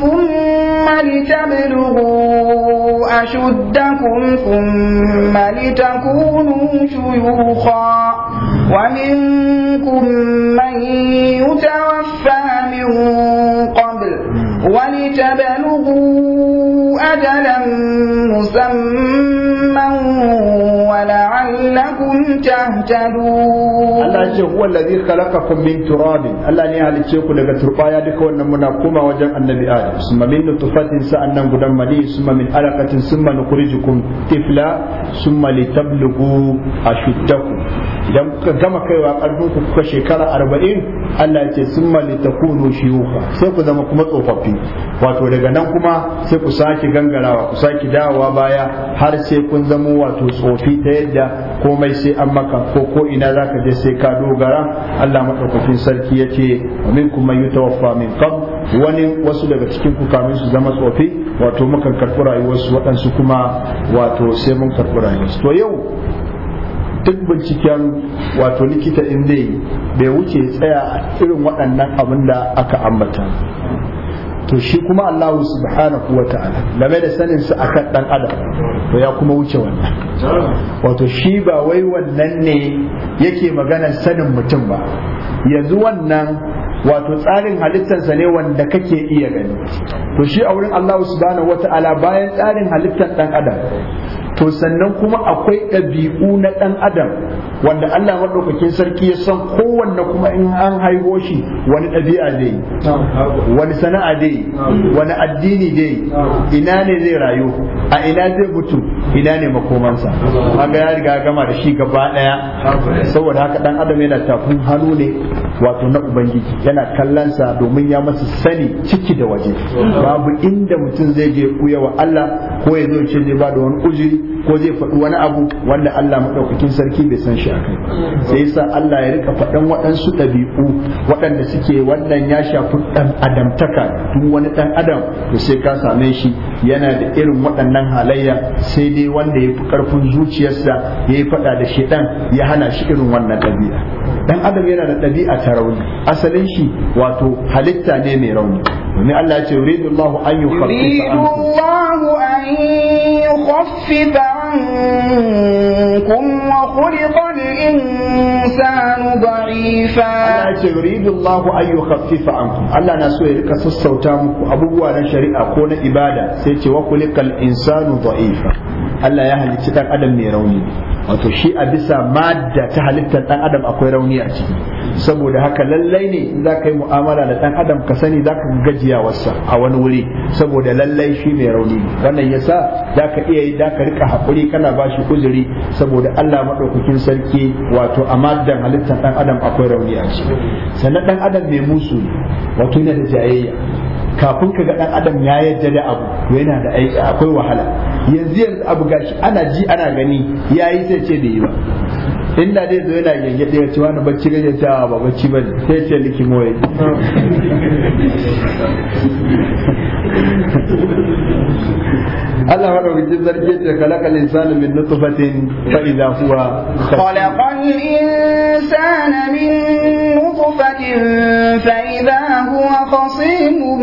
Speaker 2: ثم لتبلغوا أشدكم ثم لتكونوا شيوخا ومنكم من يتوفى من قبل ولتبلغوا أجلا مسمى لعلكم تهتدون الله
Speaker 1: يقول هو الذي خلقكم من تراب الله ne halice ku daga ya duka wannan muna koma wajen annabi adam summa min nutfatin sa'annan gudan mali summa min alaqatin summa nukhrijukum tifla summa litablughu ashuddakum idan kuka gama kaiwa karfin ku kuka shekara 40 Allah ya ce summa litakunu shuyukha sai ku zama kuma tsofaffi wato daga nan kuma sai ku sake gangarawa ku sake dawowa baya har sai kun zama wato tsofi ta yadda komai sai an maka ko ko ina zaka je sai ka dogara Allah madaukakin sarki yace minkum man yutawaffa min kam wani wasu daga cikin ku kamin su zama tsofi wato mukan karɓi rayuwarsu waɗansu kuma wato sai mun karɓi rayuwarsu to yau duk binciken wato likita in zai bai wuce tsaya irin waɗannan abin da aka ambata to shi kuma Allah subhanahu wa ta'ala game da sanin su akan dan adam to ya kuma wuce wannan wato shi ba wai wannan ne yake maganar sanin mutum ba yanzu wannan wato tsarin halittarsa ne wanda kake iya gani to shi a wurin Allah subhanahu wata'ala bayan tsarin halittar dan adam to sannan kuma akwai ɗabi'u na ɗan adam wanda Allah maɗaukakin sarki ya san kowanne kuma in an haihuwa shi wani ɗabi'a zai wani sana'a zai wani addini zai ina ne zai rayu a ina zai mutu ina ne makomansa kaga ya riga gama da shi gaba ɗaya saboda haka ɗan adam yana tafin hannu ne wato na ubangiji yana kallonsa domin ya masa sani ciki da waje babu inda mutum zai je kuya wa Allah ko ya zo ce zai ba da wani uji ko zai faɗi wani abu wanda Allah maɗaukakin sarki bai san shi akai sai yasa Allah ya rika faɗan waɗansu ɗabi'u waɗanda suke wannan ya shafi ɗan adamtaka duk wani ɗan adam to sai ka same shi yana da irin waɗannan halayya sai dai wanda ya fi ƙarfin zuciyarsa ya yi faɗa da shiɗan ya hana shi irin wannan ɗabi'a ɗan adam yana da ɗabi'a ta rauni asalin shi wato halitta ne mai rauni domin Allah ya ce yuridu Allahu
Speaker 2: an yukhaffifa منكم وخلق الإنسان
Speaker 1: ضعيفا الله يريد الله أن يخفف عنكم ألا نسوي لك سسوتا أبوه على شريعة كون إبادة سيتي وخلق الإنسان ضعيفا Allah ya halicci dan adam mai rauni wato shi a bisa madda ta halittar dan adam akwai rauni a ciki saboda haka lallai ne in zaka yi mu'amala da dan adam ka sani zaka gajiyawarsa a wani wuri saboda lallai shi mai rauni wannan yasa zaka iya yi zaka rika hakuri kana bashi uzuri saboda Allah madaukakin sarki wato a maddan halittar dan adam akwai rauni a ciki sannan dan adam mai musu wato yana da jayayya kafin ka ga dan adam ya yadda da abu yana da aiki akwai wahala yanzu yanzu abu gashi ana ji ana gani yayi sai ce da yi ba inda dai zo yana gengede ya ci wani bacci gaje ta ba bacci ba sai ce liki moye Allah wa rabbi zarge ta kalaka al-insan min nutfatin fa idha huwa khalaqa
Speaker 2: al insan min nutfatin fa idha huwa khasimun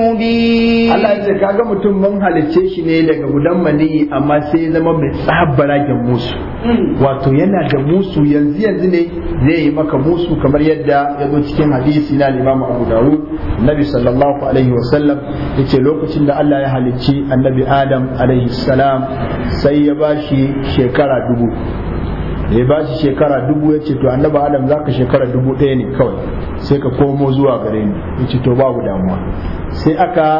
Speaker 2: mubin Allah ya
Speaker 1: ce kaga mutum mun halice shi ne daga gudan mani amma sai zama mai tsabara musu hmm. wato yana Da musu yanzu yanzu ne zai yi maka musu kamar yadda ya zo cikin hadisi na Imam Abu Dawud Nabi sallallahu alaihi wa sallam yace lokacin da Allah ya halicci Annabi Adam alaihi salam sai ya bashi shekara dubu da ya bashi shekara dubu ya ce to annabi adam zaka shekara dubu ɗaya ne kawai sai ka komo zuwa gare ni ya ce to babu damuwa sai aka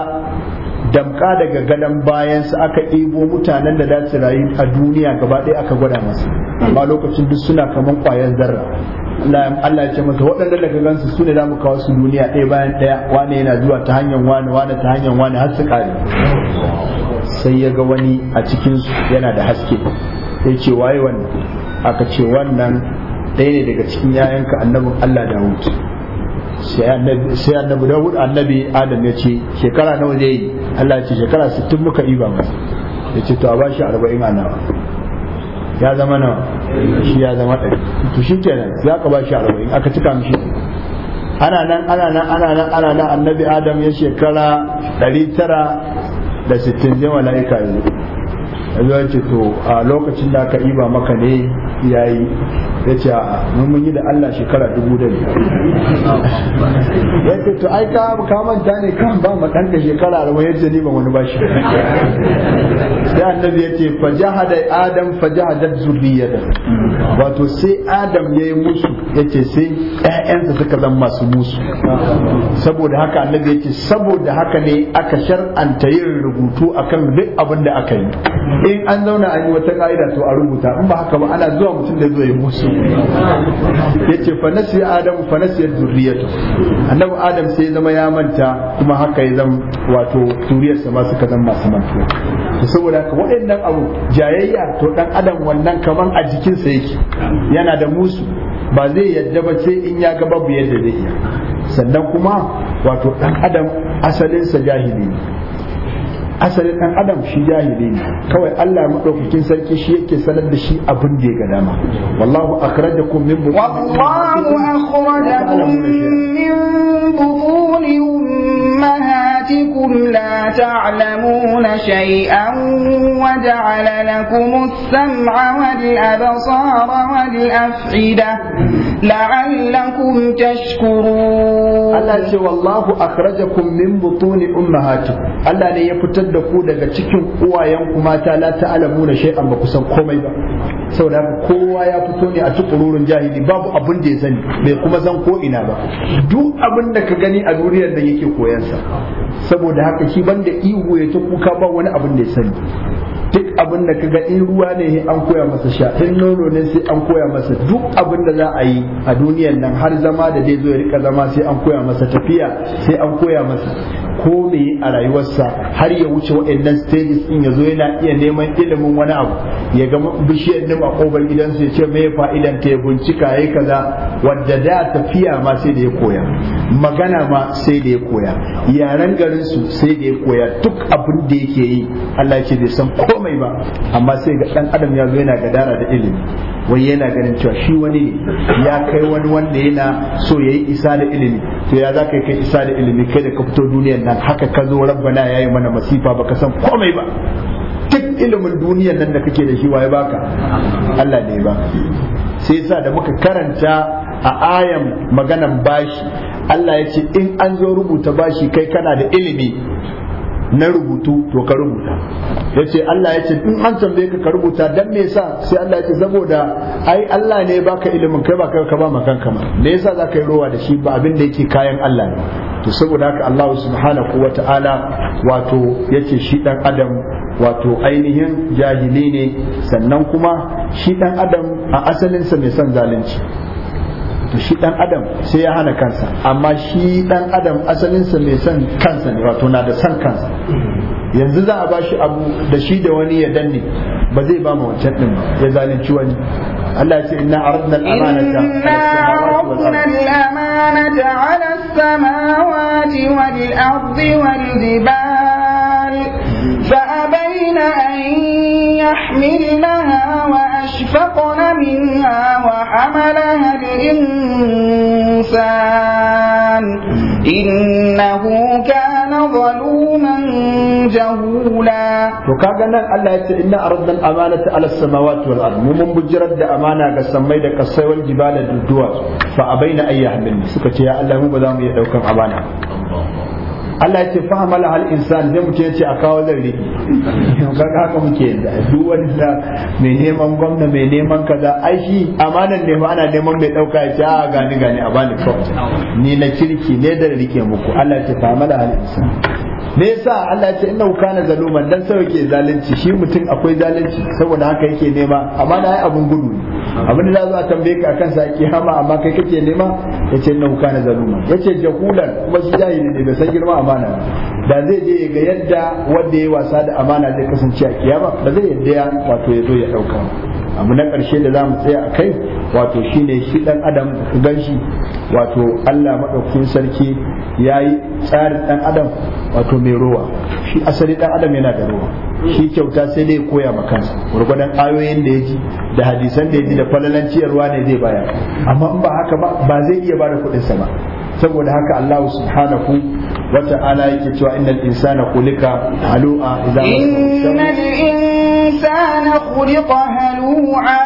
Speaker 1: damka daga bayan su aka ɗebo mutanen da za su rayu a duniya gaba ɗaya aka gwada masu amma lokacin duk suna kaman ƙwayar zarra Allah ya ce masa waɗanda daga gansu su ne za mu kawo su duniya ɗaya bayan ɗaya wane yana zuwa ta hanyar wane wane ta hanyar wane har su ƙare sai ya ga wani a cikinsu yana da haske ya ce waye wannan aka ce wannan ɗaya ne daga cikin 'ya'yanka annabin Allah da hutu sai annabi dawud annabi adam ya ce shekara nawa zai yi Allah ce shekara 60 muka iba masa ya ce to a ba bashi 40 annawa ya zama nawa shi ya zama ɗari to shi kenan ya ka ba bashi 40 aka cika mishi ana nan ana nan ana nan ana nan annabi adam ya shekara 960 zai mala'ika yanzu yanzu ya ce to a lokacin da aka iba maka ne yayi ya ce a mun yi da Allah shekara dubu da ya ce to ai ka manta ne kan ba ma ɗanka shekara da ya ba wani bashi sai annabi ya ce fajahada adam fajahadat zurriyata wato sai adam ya yi musu ya ce sai ƴaƴansa suka zama masu musu saboda haka annabi ya ce saboda haka ne aka shar'anta yin rubutu akan duk abin da aka yi in an zauna an yi wata ka'ida to a rubuta in ba haka ba ana zuwa mutum da zai musu yace fa nasi adam fa nasi zurriyatu annabi adam sai zama ya manta kuma haka ya zama wato turiyarsa ma suka zama masu mantuwa to saboda haka waɗannan abu jayayya to dan adam wannan kaman a jikinsa yake yana da musu ba zai yadda ba sai in ya ga babu yadda zai iya sannan kuma wato dan adam asalinsa jahili asalin ɗan adam shi jahili ne kawai Allah maɗaukakin sarki shi yake sanar da shi abin da ya ga dama wallahu akhrajakum min butun wallahu
Speaker 2: akhrajakum min بِآيَاتِكُمْ لَا تَعْلَمُونَ شَيْئًا وَجَعَلَ لَكُمُ السَّمْعَ وَالْأَبْصَارَ وَالْأَفْئِدَةَ
Speaker 1: لَعَلَّكُمْ تَشْكُرُونَ Allah ce wallahu akhrajakum min butuni ummahatikum Allah ne ya fitar da ku daga cikin uwayenku mata la ta'lamuna shay'an ba kusan komai ba saboda kowa ya fito ne a tukururun jahili babu abin da ya sani bai kuma zan ko ina ba duk abin da ka gani a duniyar da yake koyansa saboda haka shi banda ihu ya ta kuka ba wani abin da ya sani duk abin da kaga in ruwa ne an koya masa sha in nono ne sai an koya masa duk abin da za a yi a duniyar nan har zama da dai zo ya rika zama sai an koya masa tafiya sai an koya masa Kome a rayuwarsa har ya wuce waɗannan stages ɗin ya zo yana iya neman ilimin wani abu ya ga bishiyar nima a gidansu gidansa ya ce mai fa'idan ta ya bincika ya yi kaza Wadda da tafiya ma sai da ya koya magana ma sai da ya koya yaren garinsu sai da ya koya duk abin da yake yi Allah ce bai san komai ba amma sai ga ɗan adam ya zo yana gadara da ilimi wai yana ganin cewa shi wani ne ya kai wani wanda yana so ya yi isa da ilimi to ya zaka kai isa da ilimi kai da ka fito duniyar nan haka ka zo rabbana yi mana masifa ba ka san komai ba duk ilimin duniyar nan da kake da shi waye baka Allah ne ba sai yasa da muka karanta a ayan maganan bashi Allah ya ce in an zo rubuta bashi kai kana da ilimi na rubutu to ka rubuta yace Allah yace in an tambaye ka ka rubuta dan me yasa sai Allah yace saboda ai Allah ne baka ilimin kai baka ka ba makan kama me yasa zaka yi rowa da shi ba abin da yake kayan Allah ne to saboda haka Allah subhanahu wata'ala wato yace shi dan adam wato ainihin jahili ne sannan kuma shi dan adam a asalinsa mai son zalunci to shi dan adam sai ya hana kansa amma shi dan adam asalinsa mai son kansa ne wato na da son kansa yanzu za a bashi abu da shi da wani ya danne ba zai ba mu wancan din ba ya zalunci wani Allah ya ce inna aradna al-amanata inna aradna al-amanata
Speaker 2: ala as-samawati wal-ardi wal-jibali fa abayna an yahmilnaha wa أشفقن منها وحملها الإنسان إنه كان ظلوما جهولا
Speaker 1: وكاغا الله يتعلم إن أردنا الأمانة على السماوات والأرض ممن بجرد أمانة كسمي دا الجبال والجبال فأبين أيها من سكتي يا الله مو بدام يدوكم أمانة Allah ya ce fahamala har insan zai mutum ya ce a kawo zan ga haka muke da duk wani da mai neman gwamna mai neman kaza ai shi amanan ne ba ana neman mai dauka ya ce a gani gani a bani kawai ni na kirki ne da rike muku Allah ya ce fahamala har insan me yasa Allah ya ce innahu kana zaluman dan sai yake zalunci shi mutum akwai zalunci saboda haka yake nema amma na yi abun gudu abin da za a tambaye ka akan sa kiyama amma kai kake nema yace innahu kana zaluman yace jahulan kuma shi jahili ne bai san girma amana da zai je ga yadda wanda ya wasa da amana zai kasance a kiyama ba zai yadda ya wato ya zo ya dauka abu na ƙarshe da zamu tsaya a kai wato shine shi ɗan adam gan shi wato Allah maɗaukakin sarki ya yi tsarin ɗan adam wato mai ruwa shi asali ɗan adam yana da ruwa shi kyauta sai dai koya ma kansa gwargwadon ayoyin da ya ji da hadisan da ya ji da falalanci ruwa ne zai baya amma in ba haka ba ba zai iya bada da sa ba saboda haka Allah subhanahu wa ta'ala yake cewa innal insana kulika halu'a
Speaker 2: idan الإنسان خلق هلوعا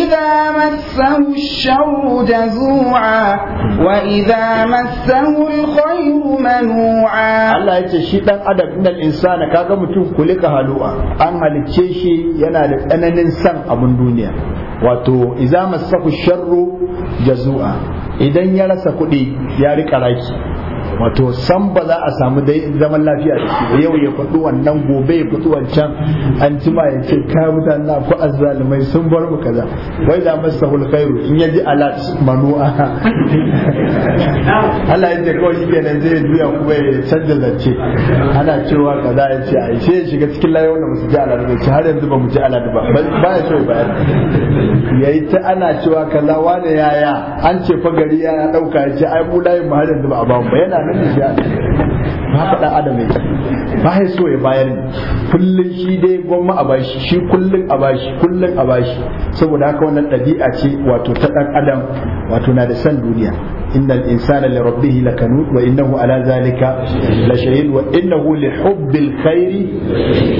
Speaker 2: إذا مسه الشر جزوعا وإذا مسه الخير منوعا
Speaker 1: الله يتشي تن أدب من الإنسان كاغا متوم كوليكا هلوعا أما لتشيشي ينال أنا ننسان أبن دنيا واتو إذا مسه الشر جزوعا إذا يلا سكولي يا ريكا رايكي wato san ba za a samu zaman lafiya da shi yau ya faɗi wannan gobe ya faɗi wancan an ma ya ce kai mutane na ku azzalumai sun bar mu kaza wai da masahul khairu in yaji alat manu'a Allah ya ce kawai nan zai juya ku bai canza zance ana cewa kaza ya ce ai sai ya shiga cikin layi wanda musu ji alat ce har yanzu ba mu ji alat ba ba ya so ba yayi ta ana cewa kaza wane yaya an ce fa gari ya dauka ya ce ai mu layin mu har yanzu ba a ba mu yana haka soya adam ne ba ya so ya bayar kullum shi dai gwamma a bashi shi kullum a bashi kullum a bashi saboda haka wannan ɗabi'a ce wato ta ɗan adam wato na da san duniya innal insana li la lakanut wa innahu ala zalika la shahid wa innahu li hubbil khairi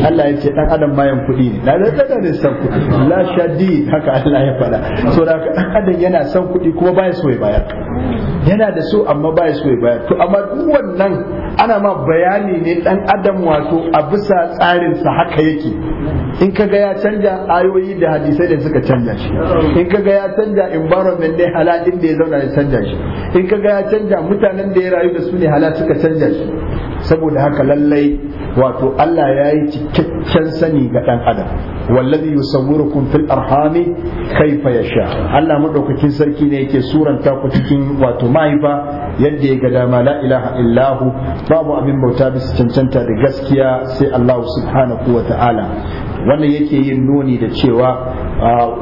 Speaker 1: Allah ya ce dan adam bayan kuɗi ne da da ne san kuɗi la shadi haka Allah ya faɗa so da dan adam yana son kuɗi kuma baya so ya yana da so amma baya so ya to amma wannan ana ma bayani ne dan adam wato a bisa tsarinsa haka yake in ka ga ya canja ayoyi da hadisai da suka canja shi in ka ga ya canja environment ne halalin da ya zauna ya canja shi in ka ga ya canja mutanen da ya rayu da su ne halal suka canja shi saboda haka lallai wato Allah ya yi cikakken sani ga dan adam wallazi yusawwirukum fil arhami kaifa yasha Allah madaukakin sarki ne yake suranta ku cikin wato mahaifa yadda ya ga dama la ilaha illahu babu abin bauta bisa cancanta da gaskiya sai Allah subhanahu wa ta'ala wannan yake yin nuni da cewa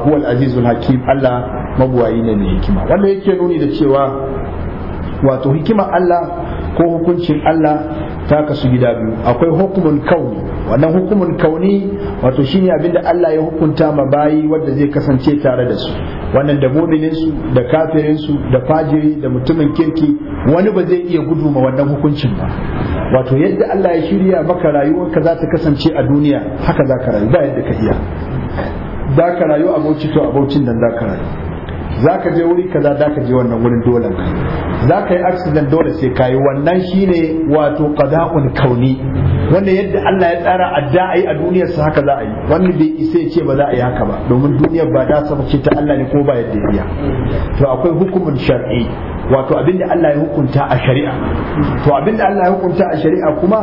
Speaker 1: huwal azizul hakim Allah mabuwayi ne mai hikima wannan yake nuni da cewa wato hikima Allah ko hukuncin Allah ta kasu gida biyu akwai hukumun kauni wannan hukumun kauni wato shine abinda Allah ya hukunta ma bayi wanda zai kasance tare da su wannan da mu'minin da kafirin da fajiri da mutumin kirki wani ba zai iya gudu ma wannan hukuncin ba wato yadda Allah ya shirya maka rayuwarka za ta kasance a duniya haka za ka rayu ba yadda ka iya za ka rayu abauci to abaucin nan za ka rayu za ka je wuri kaza za ka je wannan wurin dole za ka yi accident dole sai ka yi wannan shine wato qada'un kauni wanda yadda Allah ya tsara adda ayi a duniyar sa haka za a yi wannan bai isa ya ce ba za a yi haka ba domin duniyar ba da sa ce ta Allah ne ko ba yadda ya to akwai hukumin shar'i wato abinda Allah ya hukunta a shari'a to abinda Allah ya hukunta a shari'a kuma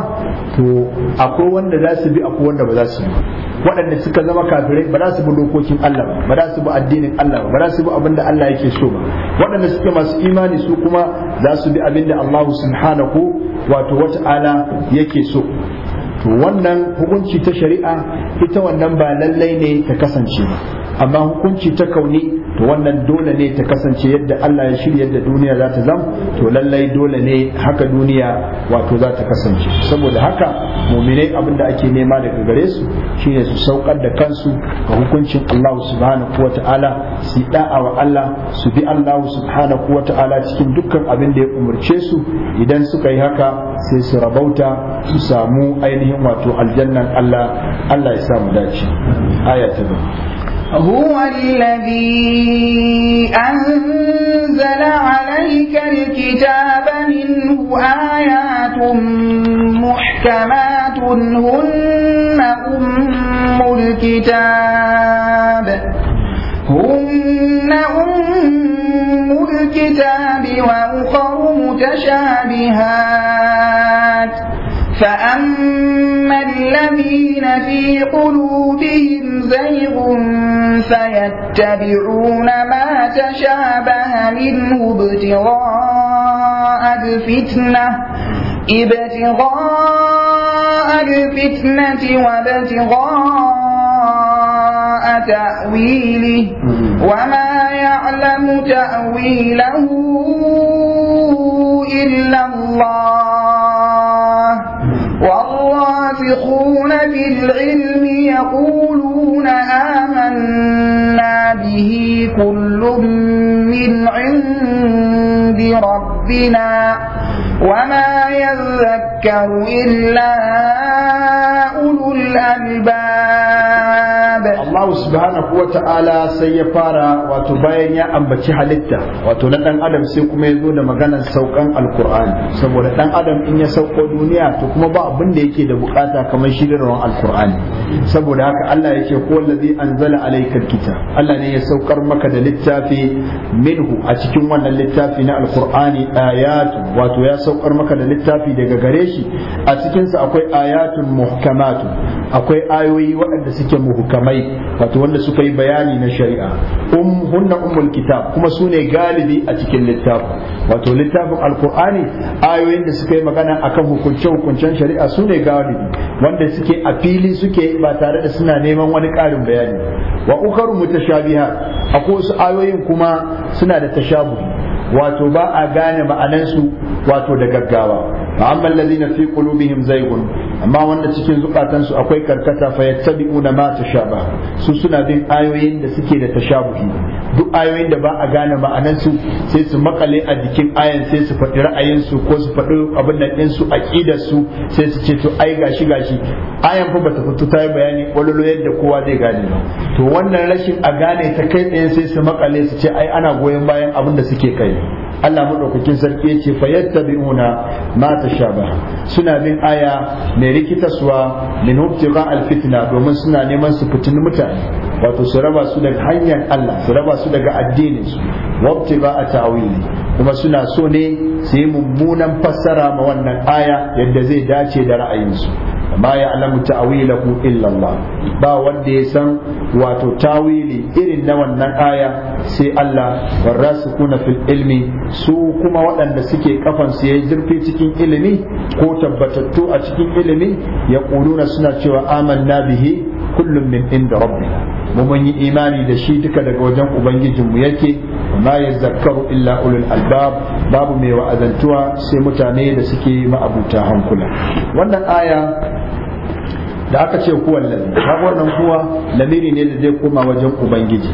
Speaker 1: to akwai wanda za su bi akwai wanda ba za su bi waɗanda suka zama kafirai ba za su bi dokokin Allah ba ba za su bi addinin Allah ba ba za su bi abinda Allah yake so ba waɗanda suke masu imani su kuma za su bi abinda Allah subhanahu wato wata'ala yake so to wannan hukunci ta shari'a ita wannan ba lallai ne ta kasance ba amma hukunci ta kauni to wannan dole ne ta kasance yadda Allah ya shirya yadda duniya za ta zama? to lallai dole ne haka duniya wato za ta kasance saboda haka muminai abin da ake nema daga gare su shine su saukar da kansu ga hukuncin Allah subhanahu wata'ala ta'ala su da'a wa Allah su bi Allah subhanahu wata'ala cikin dukkan abin da ya umarce su idan suka yi haka sai su rabauta su samu ainihin wato aljannan Allah Allah ya samu dace aya هو
Speaker 2: الذي أنزل عليك الكتاب منه آيات محكمات هن أم الكتاب هن أم الكتاب وأخر متشابهات فأما الذين في قلوبهم زيغ فيتبعون ما تشابه منه ابتغاء الفتنة ابتغاء الفتنة وابتغاء تأويله وما يعلم تأويله إلا الله والراسخون بالعلم يقولون آمنا به كل من عند ربنا وما يذكر إلا أولو الألباب
Speaker 1: Allah subhanahu wa ta'ala sai ya fara wato bayan ya ambaci halitta wato na dan adam sai kuma ya zo da maganar saukan alkur'ani saboda dan adam in ya sauko duniya to kuma ba abin da yake da bukata kamar shirarwan alkur'ani saboda haka Allah ya ce ko allazi anzala alayka kitab Allah ne ya saukar maka da littafi minhu a cikin wannan littafi na alkur'ani ayatu wato ya saukar maka da littafi daga gare shi a cikin sa akwai ayatun muhkamatu akwai ayoyi waɗanda suke muhkamai wato wanda suka yi bayani na shari'a um hunna ummul kitab kuma sune galibi a cikin littafin wato littafin alqur'ani ayoyin da suka yi magana akan hukunce hukuncen shari'a sune galibi wanda suke a fili suke ba tare da suna neman wani karin bayani wa ukaru mutashabiha akwai wasu ayoyin kuma suna da tashabuhi wato ba a gane ma'anansu wato da gaggawa amma allazina fi qulubihim zaygun amma wanda cikin zukatansu akwai karkata fa yattabi'una ma tashaba su suna bin ayoyin da suke da tashabuhi duk ayoyin da ba a gane ma'anar su sai su makale a jikin ayan sai su faɗi ra'ayin su ko su faɗi abin nan din su aqidar su sai su ce to ai gashi gashi ayan fa bata fito ta yi bayani kwallo yadda kowa zai gane ba to wannan rashin a gane ta kai tsaye sai su makale su ce ai ana goyon bayan abin da suke kai Allah maɗaukakin sarki yace fayattabi'una ma tashabaha suna bin aya mai rikitaswa min ibtiqa alfitna domin suna neman su fitin mutane wato su raba su daga hanyar Allah su raba su daga addinin su a ta'wili kuma suna so ne su yi mummunan fassara ma wannan aya yadda zai dace da ra'ayinsu ma ya'lamu ta'wilahu illa Allah ba wanda ya san wato tawili irin na wannan aya sai Allah warasikuna fil ilmi su kuma waɗanda suke kafan su yayi zurfi cikin ilimi ko tabbatattu a cikin ilimi ya ƙuluna suna cewa amanna bihi kullum min inda rabbina mu mun yi imani da shi duka daga wajen ubangijinmu yake ma yazakkaru illa ulul albab babu mai wa'azantuwa sai mutane da suke ma'abuta hankula wannan aya da aka ce kuwan lazi kaga kuwa lamiri ne da zai koma wajen ubangiji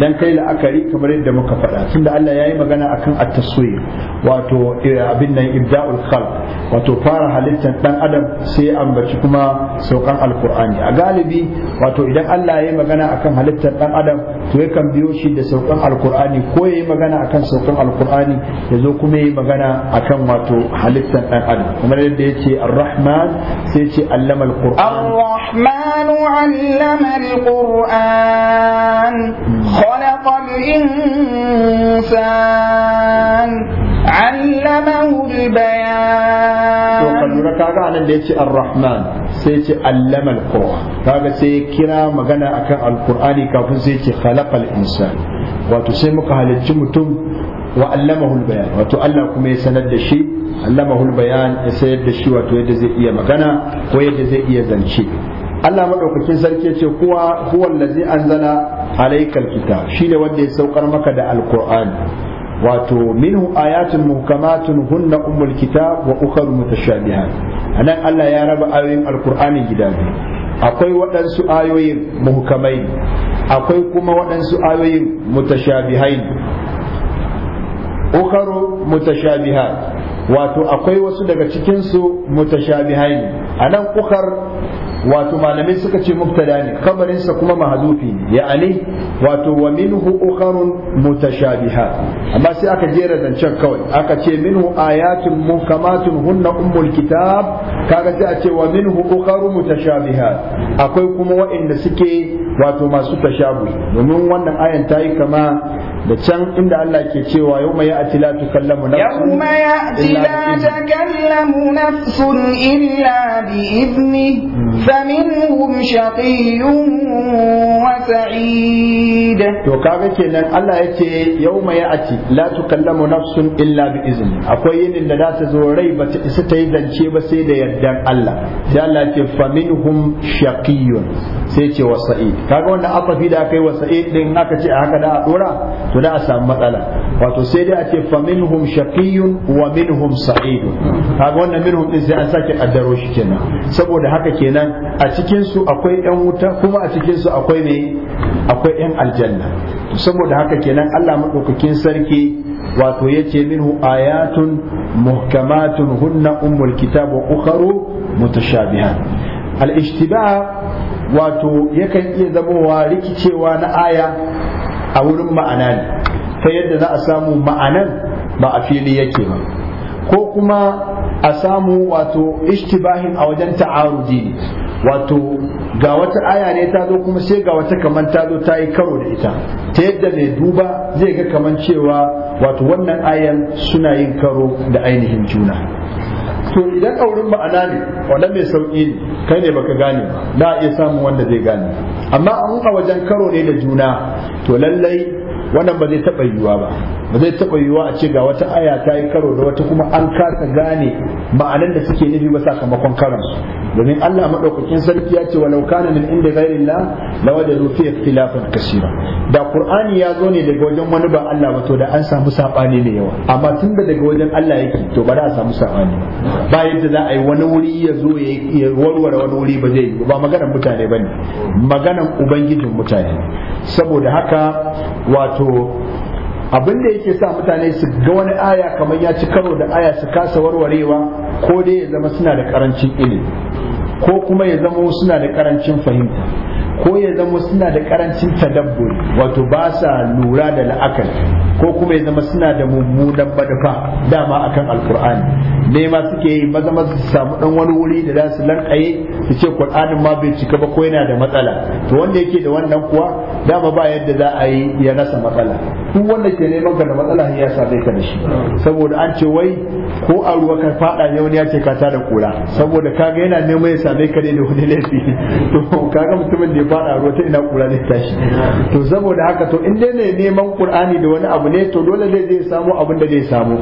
Speaker 1: dan kai la'akari kamar yadda muka faɗa da Allah ya yi magana akan at-taswir wato eh, abin nan ibda'ul khalq wato fara halittar dan adam sai an ambaci kuma saukan alqur'ani a galibi wato idan Allah ya yi magana akan halittar dan adam to ya kan biyo shi da saukan alqur'ani ko ya yi magana akan saukan alqur'ani ya zo kuma ya yi magana akan wato halittar dan adam kamar yadda yace ar-rahman sai ce allama al
Speaker 2: الرحمن علم القرآن خلق الإنسان allamahu bayan to kan
Speaker 1: lura kaga anan da yace ar-rahman sai yace allama al-qur'an kaga sai kira magana akan al-qur'ani kafin sai yace insa, insan wato sai muka halarci mutum wa allamahul bayan wato Allah kuma ya sanar da shi allamahul bayan ya sayar da shi wato yadda zai iya magana ko yadda zai iya zance Allah madaukakin sarki ce kuwa huwal ladzi anzala alaykal kitab shine wanda ya saukar maka da alqur'ani wato minhu ayatun muhkamatun hunna ummul kitab wa ukhra mutashabihat anan Allah ya raba ayoyin alqur'ani gida biyu akwai waɗansu ayoyin muhkamai akwai kuma waɗansu ayoyin mutashabihai ukaru mutashabihat wato akwai wasu daga cikinsu mutashabihai ne a ukar wato malamai suka ce muftada ne kamarinsa kuma mahazufi ne ya'ani wato wa minhu ukharun mutashabiha amma sai aka jera zancen kawai aka ce minhu ayatun muhkamatun hunna ummul kitab kaga sai a ce wa minhu ukharun mutashabiha akwai kuma waɗanda suke wato masu tashabu domin wannan ayan ta yi kama da can inda Allah ke cewa yau mai ya'ati la tukallamu nafsun yau mai ya'ati la
Speaker 2: tukallamu nafsun illa bi idni فمنهم شقي وسعيد
Speaker 1: to kaga kenan Allah yake ma ya ati la tukallamu nafsun illa bi akwai yinin da zata zo rai ba ta isa ta yi zance ba sai da yardan Allah sai Allah ce faminhum shaqiyun sai ce wa kaga wanda fi da kai wa sa'id din aka ce a haka da a dora to da a samu matsala wato sai dai a ce faminhum shaqiyun wa minhum sa'id kaga wannan minhum din sai an sake kaddaro shi kenan saboda haka kenan a cikinsu akwai 'yan wuta kuma a cikinsu akwai ne akwai 'yan aljanna saboda haka kenan Allah maɗaukakin sarki wato ya ce minhu ayatun muhkamatun hunna ummul kitab wa ukharu mutashabihan al wato yakan iya zamowa rikicewa na aya a wurin ma'ana ne ta yadda za a samu ma'anan ba a fili yake ba ko kuma a samu wato ishtibahin a wajen ta'arudi wato ga wata aya ne ta zo kuma sai ga wata kaman ta zo ta yi karo da ita ta yadda mai duba zai ga kaman cewa wato wannan ayan suna yin karo da ainihin juna to idan aurin ma'ana ne wanda mai sauƙi ne kai ne baka gane ba da iya samun wanda zai gane amma an a wajen karo ne da juna to lallai wannan ba zai taɓa yiwuwa ba ba zai taɓa yiwuwa a ce ga wata aya ta yi karo da wata kuma an kasa gane ma'anan da suke nufi ba sakamakon karon su domin Allah madaukakin sarki ya ce wa laukana min inda ghairillah lawajadu fi ikhtilafan kaseera da qur'ani ya zo ne daga wajen wani ba Allah ba to da an samu sabani ne yawa amma tunda daga wajen Allah yake to ba da a samu sabani ba yadda za a yi wani wuri ya zo ya warware wani wuri ba zai yi ba maganar mutane bane maganar ubangijin mutane saboda haka wato wato abin da yake sa mutane su ga wani aya kamar ya ci karo da aya su kasa warwarewa ko dai ya zama suna da karancin ilimi ko kuma ya zama suna da karancin fahimta ko ya zama suna da karancin tadabburi wato ba sa lura da la'akari ko kuma ya zama suna da mummunan badafa dama akan alkur'ani ne ma suke yi maza su samu dan wani wuri da za su lankaye su ce qur'anin ma bai cika ba ko yana da matsala to wanda yake da wannan kuwa dama ba yadda za a yi ya rasa matsala duk wanda ke neman ka da matsala ya sa zai ka da shi saboda an ce wai ko a ruwa ka fada ne wani ya ce ka tada kura saboda kaga yana neman ya same ka ne da wani laifi to kaga mutumin da ya fada ruwa ta ina kura ta tashi to saboda haka to in dai ne neman qur'ani da wani abu ne to dole zai zai samu abin da zai samu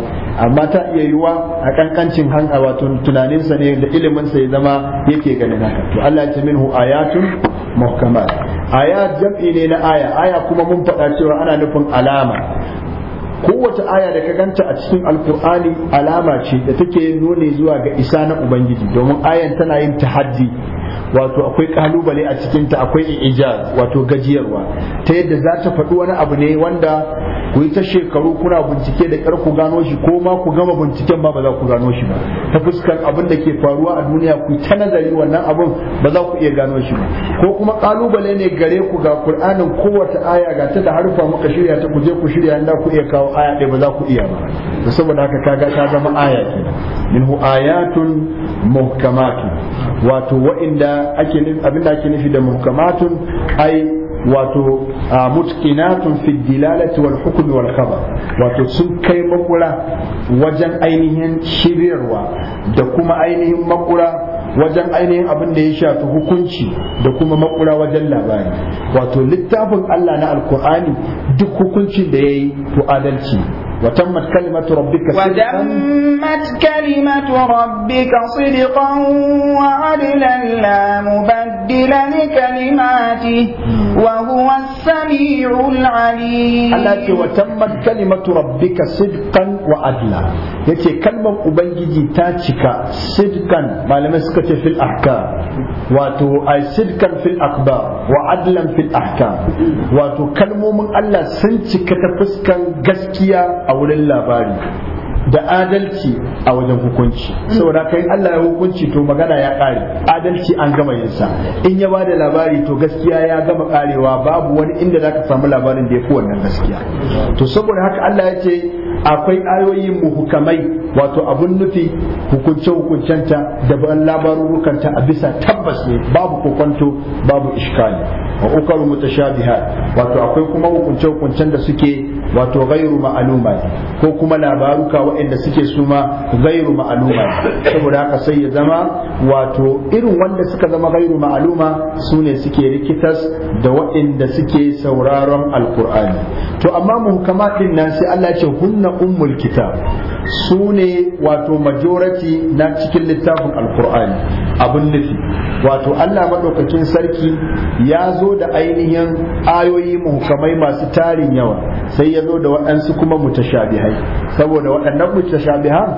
Speaker 1: amma ta iya yiwa a kankancin hanga wato tunaninsa ne da ilimin sa ya zama yake ganin haka to Allah ya ce minhu ayatun muhkamat ayat jam'i ne na aya aya kuma mun faɗa cewa ana nufin alama kowace aya da ka ganta a cikin alkur'ani alama ce da take nuni zuwa ga isa na ubangiji domin ayan tana yin tahaddi wato akwai kalubale a cikinta akwai ijaz wato gajiyarwa ta yadda za ta faɗi wani abu ne wanda ku yi ta shekaru kuna bincike da ƙar ku gano shi ko ma ku gama binciken ba ba za ku gano shi ba ta fuskar abin da ke faruwa a duniya ku ta nazari wannan abin ba za ku iya gano shi ba ko kuma kalubale ne gare ku ga Qur'anin kowace aya ga ta da harfa muka shirya ta ku je ku shirya da ku iya kawo aya ɗaya ba za ku iya ba saboda haka kaga ta zama aya kenan minhu ayatun muhkamatun wato wa'inda ake abinda ake nufi da muhkamatun ai wato mutqinatun fi dilalati wal hukm wal khabar wato sun kai makura wajen ainihin shiryarwa da kuma ainihin maƙura wajen ainihin abin da ya shafi hukunci da kuma maƙura wajen labari wato littafin Allah na alkur'ani duk hukuncin da ya yi to adalci وتمت كلمة ربك صدقا وتمت
Speaker 2: كلمة ربك صدقا وعدلا لا مبدل لكلماته وهو السميع العليم التي
Speaker 1: وتمت كلمة ربك صدقا wa adla yace kalmar ubangiji ta cika sidkan malamai suka ce fil ahka wato ai sidkan fil akbar wa adlan fil ahka wato kalmomin Allah sun cika ta fuskan gaskiya a wurin labari da adalci a wajen hukunci saboda kai Allah ya hukunci to magana ya ƙare adalci an gama yin sa in ya bada labari to gaskiya ya gama ƙarewa babu wani inda zaka samu labarin da fi wannan gaskiya to saboda haka Allah ya ce akwai ayoyin muhukamai wato abun nufi hukunce hukuncenta da ban labarurukanta a bisa tabbas ne babu kokonto babu iskali wa ukaru mutashabiha wato akwai kuma hukunce hukuncen da suke wato gairu ma'aluma ko kuma labaruka waɗanda suke suma gairu ma'aluma saboda haka sai ya zama wato irin wanda suka zama gairu ma'aluma su ne suke rikitas da waɗanda suke sauraron alkur'ani to amma muhukama din nan sai Allah ya ce hunna na ummul kitab su ne wato majority na cikin littafin alkur'ani abin nufi wato allah maɗaukacin sarki ya zo da ainihin ayoyi muhukamai masu tarin yawa sai ya zo da waɗansu kuma mutashabihai saboda waɗannan mutashabihan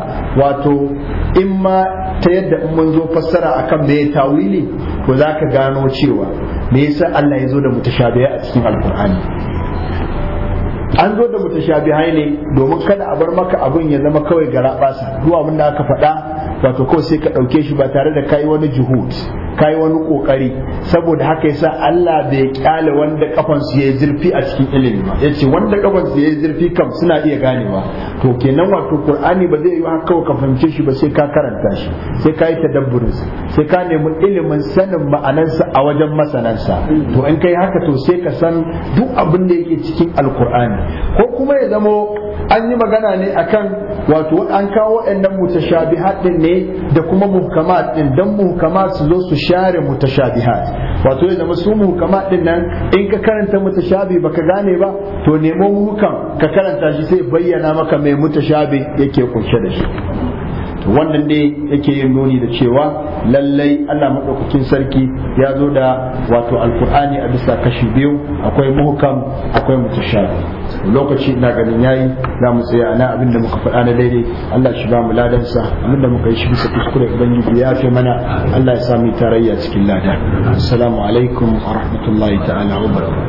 Speaker 1: wato in ma ta yadda in mun zo fassara akan da ya tawili ko za ka gano cewa me yasa allah ya zo da mutashabihai a cikin alkur'ani an zo da mutashabihai ne domin kada a bar maka abin ya zama kawai gara basa zuwa abin da aka faɗa wato kawai sai ka ɗauke shi ba tare da kai wani juhud kai wani kokari saboda haka yasa Allah bai kyale wanda kafansu yayi zurfi a cikin ilimi ba yace wanda kafansu yayi zurfi kam suna iya ganewa to kenan wato Qur'ani ba zai yi haka kawai ka fahimce shi ba sai ka karanta shi sai ka yi tadabburin sai ka nemi ilimin sanin ma'anarsa a wajen masanansa to in kai haka to sai ka san duk abin da yake cikin Alkur'ani ko kuma ya zamo an yi magana ne akan wato an kawo waɗannan mutashabihat din ne da kuma muhkamat ɗin dan muhkamat su zo su share mutashabihat wato ya zama su muhkamat din nan in ka karanta mutashabi baka gane ba to nemo muhkam ka karanta shi sai bayyana maka mai mutashabi yake kunshe da shi to wannan dai yake yin nuni da cewa lallai Allah madaukakin sarki ya zo da wato alkur'ani a bisa kashi biyu akwai muhkam akwai mutashabi lokaci ina ganin yayi za mu tsaya ana abin da muka faɗa na daidai Allah shi ba mu ladan sa abin da muka yi shi bisa kuskure ubangiji ya fi mana Allah ya sami tarayya cikin lada assalamu alaikum wa rahmatullahi ta'ala wa
Speaker 2: barakatuh